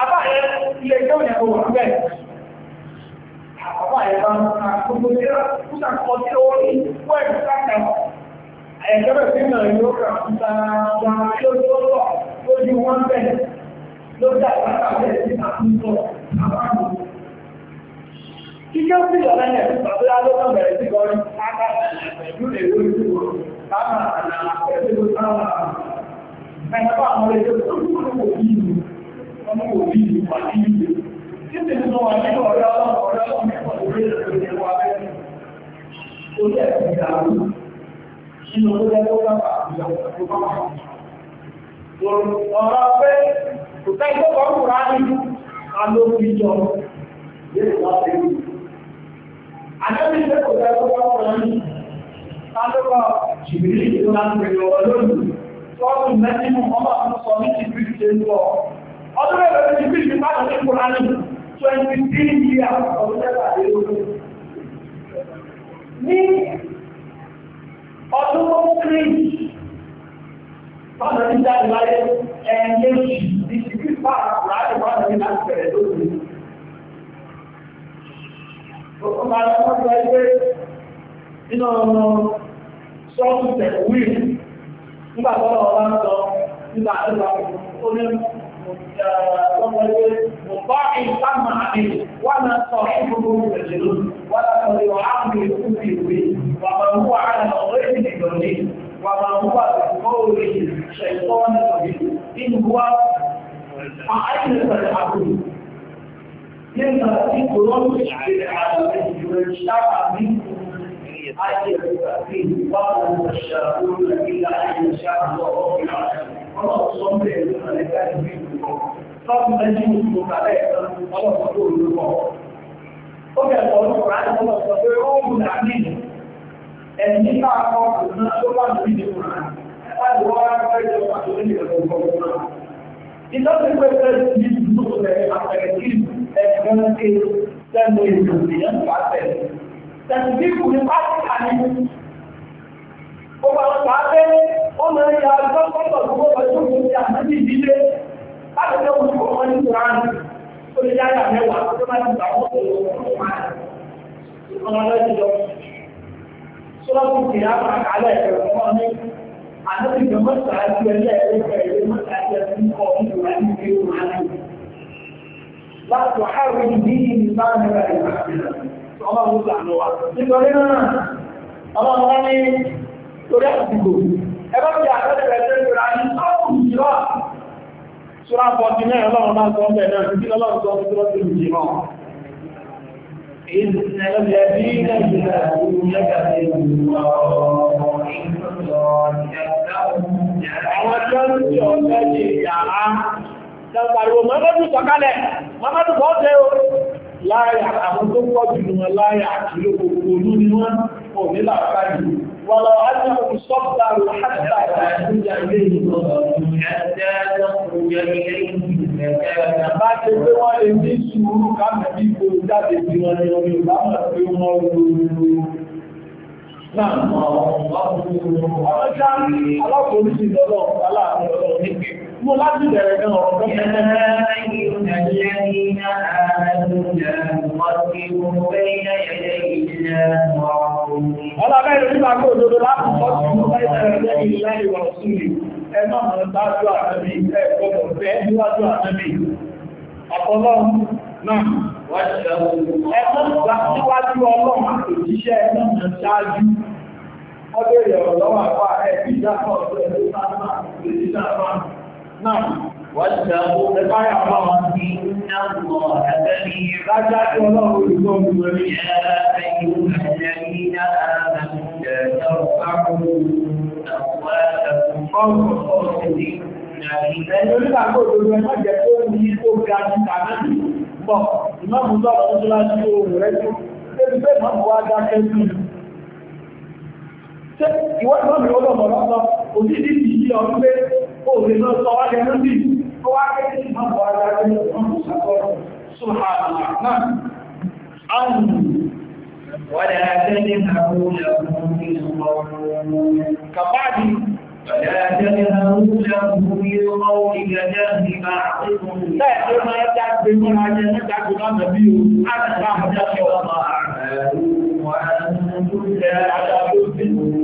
Àbáyẹ ilé ìjọ́ ìyàwó wà bẹ́ẹ̀. Àbáyẹ bá ń ta gbogbo tí ó ń kọ́ tí ó ní fún ẹ̀kú sáàkà. Ẹ̀jọ́ bẹ̀ sí náà yóò kà ń ta wa lójúọ́lọ́ lójú wọn bẹ́ẹ̀. Lójú àgbàkà bẹ́ẹ̀ sí àtúntò àbámu. Kíkẹ́ sí ìyọ̀lẹ́ yẹn fún bàbá lọ́wọ́ bẹ̀rẹ̀ sí kọrin. Káàkiri pẹ̀lú èrò ìdúró. Bàbá àná pẹ̀lú ẹ̀yàbá àwọn ẹgbẹ́ olùkúrò ní wọn ní ọ̀rẹ́ ọlọ́pọ̀ọ́rẹ́ ọmọ ìpínlẹ̀ wà bẹ́ẹ̀ tó jẹ́ ìdàrú nínú tó jẹ́ tó ìjọba tó bá wà ọ̀rọ̀ pé ìjọba kúrò ánìyú alóbìjọ yóò wá ìjọba kò tẹ́ ìjọba kúrò ánìyú ìjọba ń sọ́ọ̀tù mẹ́sìnú ọmọ àwọn sọ ní ti bíi ṣe ń lọ ọdún mẹ́lẹ̀ ló ti bíi ṣe máa ní kúránì 23 years ọdún mẹ́ta lélógún ní ọdún tó kéré bọ́ọ̀lù ní jáde láyé ẹ̀ẹ́dẹ́ ní ti bíi pa àkùránì wọn ní láti bẹ̀rẹ̀ lónìí Òkú máa lọ́wọ́ sọ ẹgbẹ́ nínú nígbà tọ́lọ̀ ọba ń sọ nígbà tọ́lọ̀ ó ní Mọ̀bá ìsámà àmì wà náà sọ ìgbogbo ìrẹ̀lú wà láti ọ̀rẹ́ àmì ìkúrò ìwé wà máa ń wà àrẹ ọ̀rẹ́ ìdìgbọ̀lẹ́ wà máa ń wà ìgbọ́ọ̀rẹ́ ṣẹ̀tọ́ nìkan nínú wà àìsàn àbúrò. Yẹ́nà tí kò lọ́nà ìṣẹ̀lẹ̀ àdàlẹ́ ìjọ حي فيه قال المشاءون الا ان يشاء الله رب العالمين اللهم صل على سيدنا فضلا يوسف عليه الله يقول له وكان قول القران هم يستطيعون عمله ان يقع قول الناس الله يريد القران قال وراء فايده المسؤولين القران إذا تفكرت في النصر على التكليف، أنا كنت سامي الدنيا على التكليف. tẹ̀sìdíkù ní pátìkà ní gbogbo àwọn pàápẹ́ ó mọ̀ ní àjọ pọ́pọ̀ gbogbo pẹ̀lú òun ti àmọ́jì ìdílé láti fẹ́ òun kò wọ́n ní ìran tó lè yáyà mẹ́wàá tó bá ti gbà wọ́n tó lọ ọmọ lọ́jọ́ lọ sọ́ọ̀tù kì á máa kálẹ̀ ẹ̀rọ wọn ní àdókì tó mọ́tà àti ẹlẹ́ ẹ̀rọ ẹ̀rọ mọ́tà àti ẹ̀rọ ń kọ́ ọ̀hún ìwà ní ìgbéró wọn láti wàhálà ìdí ìbáraẹ̀rọ ìgbà ọlọ́run lànà wa nítorí náà ọlọ́run wá ní torí àdìgbò ẹgbẹ́ ti àtẹ́lẹ̀ ẹgbẹ́ ti ra ní ọkùn ìjìlá ṣúra fọ́tí náà ọlọ́run máa sọ ọmọ ẹ̀nà ìbí ọlọ́run sọ ọmọ ìjìlá ìjìlá إِنَّ الَّذِينَ يُلَقُونَكَ Àwọn tó ń tí ọ̀fẹ́ di ìyàrá, ṣe pàrò mọ́mọ́dù sọ̀kalẹ̀, mọ́mọ́dù bọ́ láyà àwọn tó pọ̀ jù wọn láyà àkìlò gbogbo olú ni wọ́n ò ní làákàyè wọ́n lọ ájọ́kùn sọ́pàrù àtàrà ìjọba ilé ìgbọ̀n bá ṣe pé wọ́n lè ní sùúrù káàkiri kó jáde bí wọn ni omi ìbámọ̀ pé wọ́n rúrú náà ọ̀pọ̀ mo láti bẹ̀rẹ̀ gan ọ̀rọ̀ tó mẹ́rin. Ọlọ́bẹ̀ ìlú nípa kó òdodo láti sọ sí ọmọ ìṣẹ̀lẹ̀ ilé ìwà lọ́wọ́ àpá ẹ̀ ìjà kan ọ̀dọ́ ẹ̀dọ́ náà wọ́n ti dáwó ẹgbẹ́ àpá wọn ní ìnáwó ẹgbẹ́ ní ìrájá tí ọlọ́run olùkọ́ olùkọ́ ní ẹgbẹ́ ìlú ẹgbẹ́ ní ìnáwó ẹgbẹ́ ní ìnáwó ẹgbẹ́ ṣe ìwọ́n náà mi ọlọ́ ọmọ lọ́pọ̀ òdídí ti yí ọdún pé ó lè lọ sọ wájẹ náà bí ó wá pé kí máa bọ̀ ara rẹ̀ wọ́n kò sàkọ́rọ̀ sùhàlà náà àrùn wọ́dà tẹ́lẹ̀ àwọn kàbáàdì ولا تنهروا له بالقول كجهل بعضكم لا كما تعبدون عجلة تعبدون نبي أنا بعد خلق أعمالكم وأنتم لا تعبدون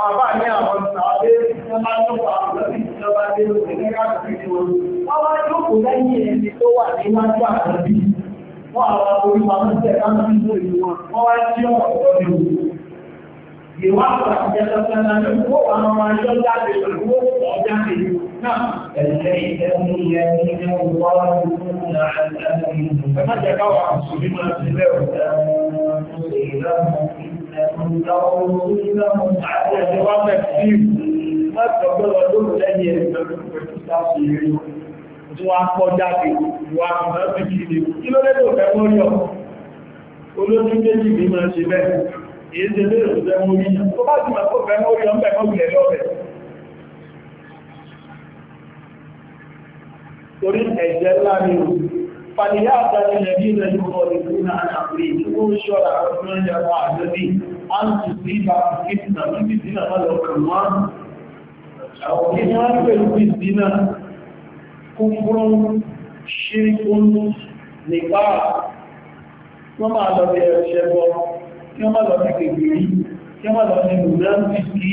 àwọn bá ní àwọn ìsàwádé tó máa ń lọ́pàá lọ́sí ìjọba dé lókè ní káàkiri tí wọ́n wọ́n wá jókòó lẹ́yìn ẹni tó wà níwájú àwọn bí wọ́n àwọn orí wọn ń tẹ̀ láti ń lò ìlú wọn wọ́n wá sí ọ̀rọ̀ tó ní òun ìwà àwọn àjẹsọ sẹ́nà ní owó àwọn ọmọ ẹjọ́ jáde pẹ̀lú owó jáde náà ẹ̀lẹ́ ìtẹ́kùn yẹn ní ẹ̀wọ̀n wọ́n ń rà ẹ̀lẹ́ ìlú ẹ̀mọ́jẹ̀ká wà sùn nínú ẹ̀sìn lẹ́wọ̀n Tí wọ́n kọ́ jáde wà náà ti kí ni, kí ló lẹ́dọ̀ fẹ́wọ́n yọ? Olójú méjì ní máa ṣe bẹ́ẹ̀. Èé ṣe lè rò fẹ́wọ́n rí. Tó bá ti máa kó fẹ́wọ́n rí ọmọ ẹ̀kọ́ gbìlẹ̀ lọ́bẹ̀. Torí ẹ̀jẹ̀ láàrin fàníyà àtàrí lẹ́bí ilẹ̀ yóò rọrùn náà àpèrè ìwò ṣọ́ra àwọn ìyàwó àjọ́bí a ń tù sí ìbá fìtìnà níbi ìdínà bá lọ kàn wá àwọn ìwọ̀n ń pè ní ìdínà kúfúrún ṣíríkún nípa wọ́n máa lọ bí ẹ̀ṣẹ́bọ kí wọ́n máa lọ bí kékeré kí wọ́n máa lọ bí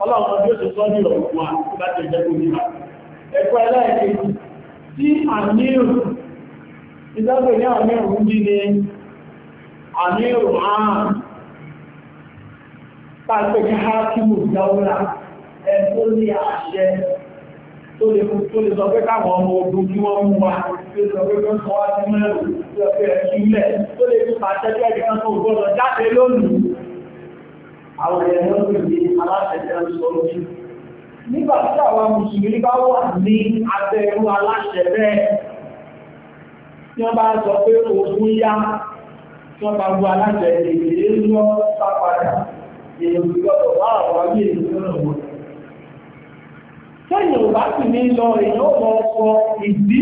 ọlọ́run bí ó ti sọ́ ní ọ̀pọ̀ láti ẹjẹ́ tó nípa ẹ̀kọ́ ẹlẹ́ẹ̀kejì tí àmírù ìdágbè ní àmírù ń bí ní àmírù ààrùn pàtàkì ní hákìmù dáúrà ẹ̀kọ́ ní àṣẹ tó lè fún tó lè sọ pé káwọn ọmọ ogun kí wọ́n mú wa tó lè sọ pé kí wọ́n sọ wá sí mẹ́rù tó lè fẹ́ ẹ̀kí ilẹ̀ tó lè fún pàtàkì ẹ̀kí kan tó gbọ́dọ̀ jáde lónìí àwọn ẹ̀rọ aláṣẹjẹ́ ń sọ lójú. Nígbà tí àwọn Mùsùlùmí bá wà ní abẹ́rú aláṣẹ bẹ́ẹ̀, tí wọ́n bá sọ pé ogun yá, tí wọ́n bá gbọ́ aláṣẹ èdè lọ sápadà, èèyàn gbọ́dọ̀ wá àwọn ayé ìlú wọn. Sẹ́yìn ò bá sì ní lọ èèyàn ó mọ ọkọ̀ ìdí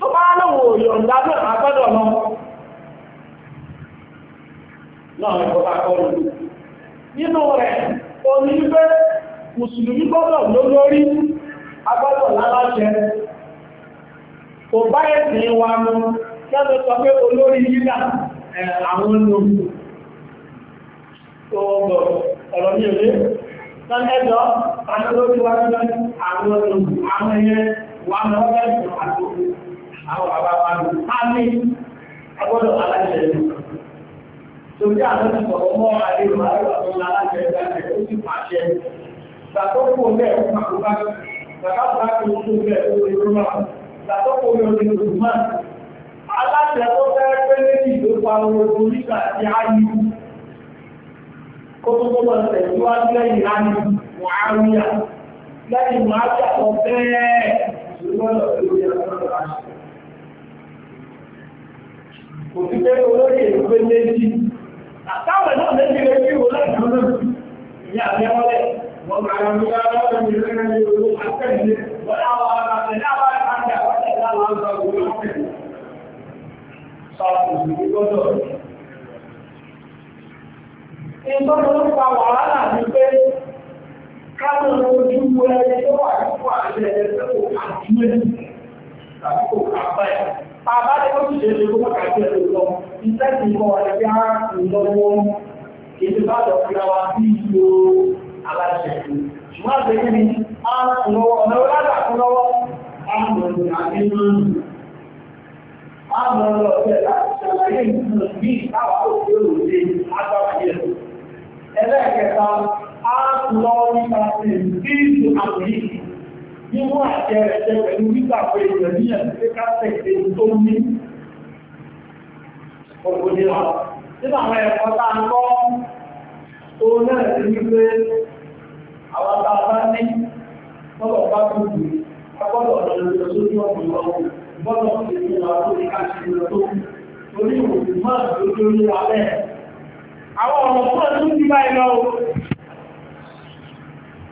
tó bá lọ́wọ́ òyọ̀ǹda náà agbọ́dọ̀ lọ. Náà ẹ̀kọ́ bá kọ́ lù. Nínú rẹ̀, òní wípé mùsùlùmí gbọ́dọ̀ lólórí agbọ́dọ̀ láláṣẹ kò bá ẹ̀sìn wa mú kẹ́lẹ̀ sọ pé olórí yílà àwọn ọmọ ọ̀rọ̀ ní òye lọ́lẹ́jọ́ alólórí wa ní àwọn ọmọ àwọn ẹyẹ wà lọ́wọ́ ẹ̀sìn àti àwọn bàbá wa torí àwọn ìsọ̀rọ̀ mọ́ àdéhùn àárọ̀ aláṣẹ ìdájẹ́ ó sì pàṣẹ. Ìgbàtọ́kùn bẹ́ẹ̀ fún àkóbá, ìgbàtọ́kùn bẹ́ẹ̀ fún ìgbàtọ́kùn ìgbàtọ́kùn ìgbàtọ́kùn Aláṣẹ tó fẹ́ pé méjì ló pa ogun nígbà tí a yí. Kó tó tó lọ tẹ̀síwájú lẹ́yìn láti Mùháríà. Lẹ́yìn Mùháríà tó bẹ́ẹ̀ lọ́dọ̀ lórí ẹ̀rọ Kò sí pé olóyè ló pé méjì Àtàwọn náà lè jẹ́ ẹgbẹ́ ìwò láti ọ̀nà ìyá àtẹ́wọ́lẹ̀. Wọ́n máa ń gbá lọ́wọ́ ìrìnlẹ́ ní olú àtẹ́jẹ́. Wọ́n láwọn ará tẹ̀lé àwọn àkàndà wọ́n tẹ̀lé àwọn àgbà òun lọ́pẹ̀. Sọ́ọ̀tù ìlú gbọ́dọ̀. Ìtọ́jú ń pa wàhálà ní pé káwọn ojú ẹni tó wà nípò àṣẹ ẹgbẹ́ òkú àjúmẹ́lì tàbí òkú àbáyà bàbá lè kọ́sù ṣe ṣe gbogbo kàkí ẹ̀rọ lọ iṣẹ́ ti kọ́ ẹgbẹ́ ìlọ́wọ́ ètò bá lọ fi ra wa sí ìlú aláṣẹ ṣùgbọ́n àti kí ni a ń lọ́wọ́ ọ̀nà ọlọ́dà fún lọ́wọ́ a ń lọ sí àti lọ́nù a ń lọ lọ sí ẹ̀dá ṣàlàyé ìlú bí ìtawà òkè òde agbábàyẹ ẹlẹ́ẹ̀kẹta a ń lọ nípa sí ìlú àmì mímú ní òkúnlẹ̀ nínú àwọn ẹ̀kọ́ tá ń kọ́ tó náà sí tó ní ká ṣe lọ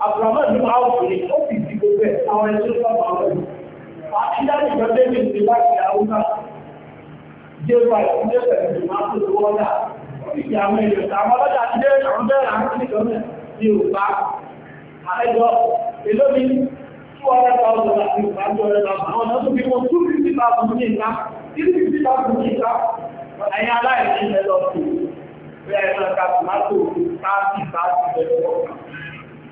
Abdulrahman ní máa wù ní ó sì ti gbogbo ẹ̀ àwọn ẹni tó sábà wọ̀ ní. Àtijáde ìjọ Dẹ́mi ti láti Haúsá. Jéèmù àti Jésù ti máa tó lówó ọjà. Ìyá àwọn èèyàn ta àwọn ọlọ́jà ti dé àwọn bẹ́ẹ̀ àwọn ti sọ mẹ́ ní Yorùbá. Àìjọ èló mi two hundred thousand àti Yorùbá two hundred thousand. Àwọn ọ̀nà tó fi wọn two fifty thousand ní ìta three fifty thousand ní ìta. Ẹ̀yin aláìní ẹ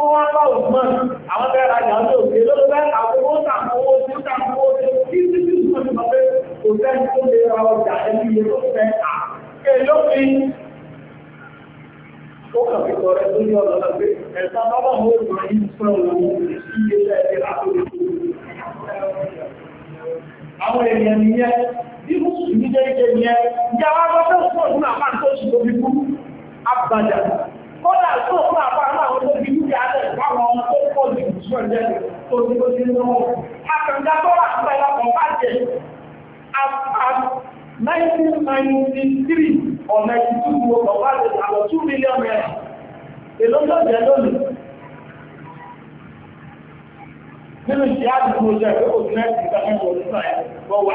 wọ́n wá bá ògbọ́n àwọn bẹ́ẹ̀ rajà ọjọ́ òkè lọ́dọ̀ bẹ́ẹ̀ àwọn owó tàǹkówó tí ó tàǹkówó tí ó tí tí tí tí wọ́n fẹ́ kò sẹ́ni tó lè ra ọjà ẹni iye tó fẹ́ à ké ló fi ó kàn fi tọrẹ tó ní ọ̀nà pé ẹ̀sán bábà mú ètò yìí fún òun iye lẹ́ẹ̀dẹ́ látòlè àwọn èèyàn nìyẹn bí mùsùlùmí jẹ́ ìjẹ́ nìyẹn ìjà wa gbọ́dọ̀ fún ọdún àpá àti oṣù tó fi kú àbàdà kódà tó fún àpá àwọn tó fi dúkìá lẹ̀ láwọn ọmọ tó pọ̀ jù sí ọ̀jẹ́ tó ti tó ti lọ́wọ́. Àkàndá tó rà ń bẹ̀rẹ̀ ọkọ̀ bàjẹ́ nineteen ninety three or ninety two wo ọkọ̀ bàjẹ́ àwọn two million naira. Èló tó jẹ́ lónìí. Nínú ìṣẹ́ àdúgbò jẹ́ pé òṣù náà ti gbàgbé wọ̀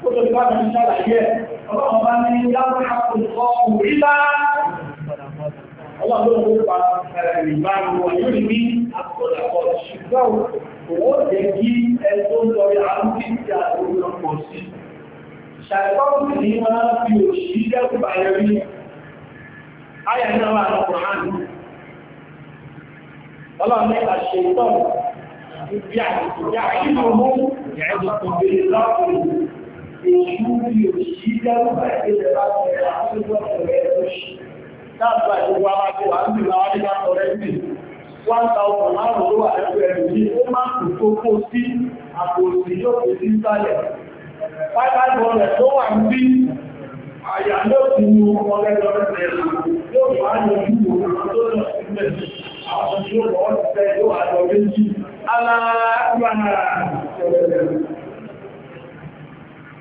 Gbogbo ìgbà mi ṣàlàyé ẹ̀, ọlọ́run bá ní láwọn àpòlùkọ́ òrìlá. Ọlọ́run ló ń pa ìgbà wọn yóò ní àpòlùkọ́ ṣùgbọ́n òwò jẹ́ kí ẹ tó ń lọ àwọn tí ti àtòlù ọkọ̀ sí. Ṣàìtọ́rù sì ní wọ́n fi òṣì dẹ́kù bàyẹ̀ rí. Ayà náà wà lọ́kùnrin àná. Ọlọ́run ní àṣẹ ìtọ́rù. يعني يعلمهم يعظكم بالله ìwúrí òṣìṣẹ́ lọ́pàá ìgbésẹ̀ bá ti rẹ̀ àwọn tó gbọ́dọ̀ rẹ̀ lọ́ṣì. Dáàbà ìwọ abájọ wà ń bì máa wáyé bá sọ rẹ̀ sí. Wọ́n ta ọkọ̀ márùn-ún ló wà lẹ́gbẹ̀ẹ́ rẹ̀ yìí, ó máa kù tó kó sí àpò òsì yóò fi sí sálẹ̀. Five hundred tó wà ń bí àyà yóò ti mú ọlẹ́ lọ́rẹ́ yóò wá lọ sí òun tó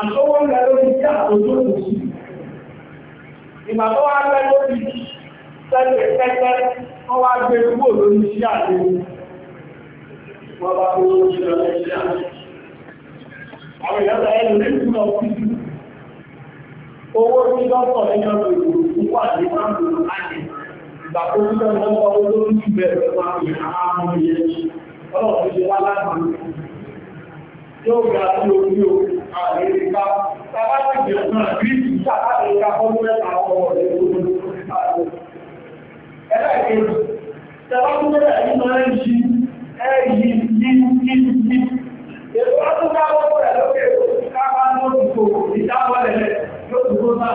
àtọwọ́ ń lẹ lórí tí àtọjọ́ kò sí ìgbà tó wá lẹ lórí tẹ́lẹ̀ tẹ́lẹ̀ wọ́n wá gbé kúrò lórí sí àti wọ́n bá kó lórí sí ọ̀rẹ́ sí àti àwọn ìyọ́ta ẹni ní ìpínlẹ̀ ọ̀fíìsì owó tí lọ́pọ̀ lẹ́yìn ọ̀rọ̀ ìlú wà ní máàmù láti ìgbà tó ń lọ́pọ̀ owó lórí ìbẹ̀rẹ̀ máàmù àwọn ọmọ ìyẹn ọlọ́pọ̀ ìṣẹ́lá láti yóò gbà sí orí orí àlèríkà tàbá ti bẹ̀rẹ̀ náà rí ìjà àlèríkà fọ́nú mẹ́ta ọmọ rẹ̀ lórí ẹlẹ́gbẹ̀rẹ̀ tàbá tó mẹ́ta yìí máa ń yí ẹ̀yí yí yí yí èrò àtúntà ọmọ rẹ̀ lókè káàkà lóòtùkò ìdáwọlẹ̀ lóòtùkò náà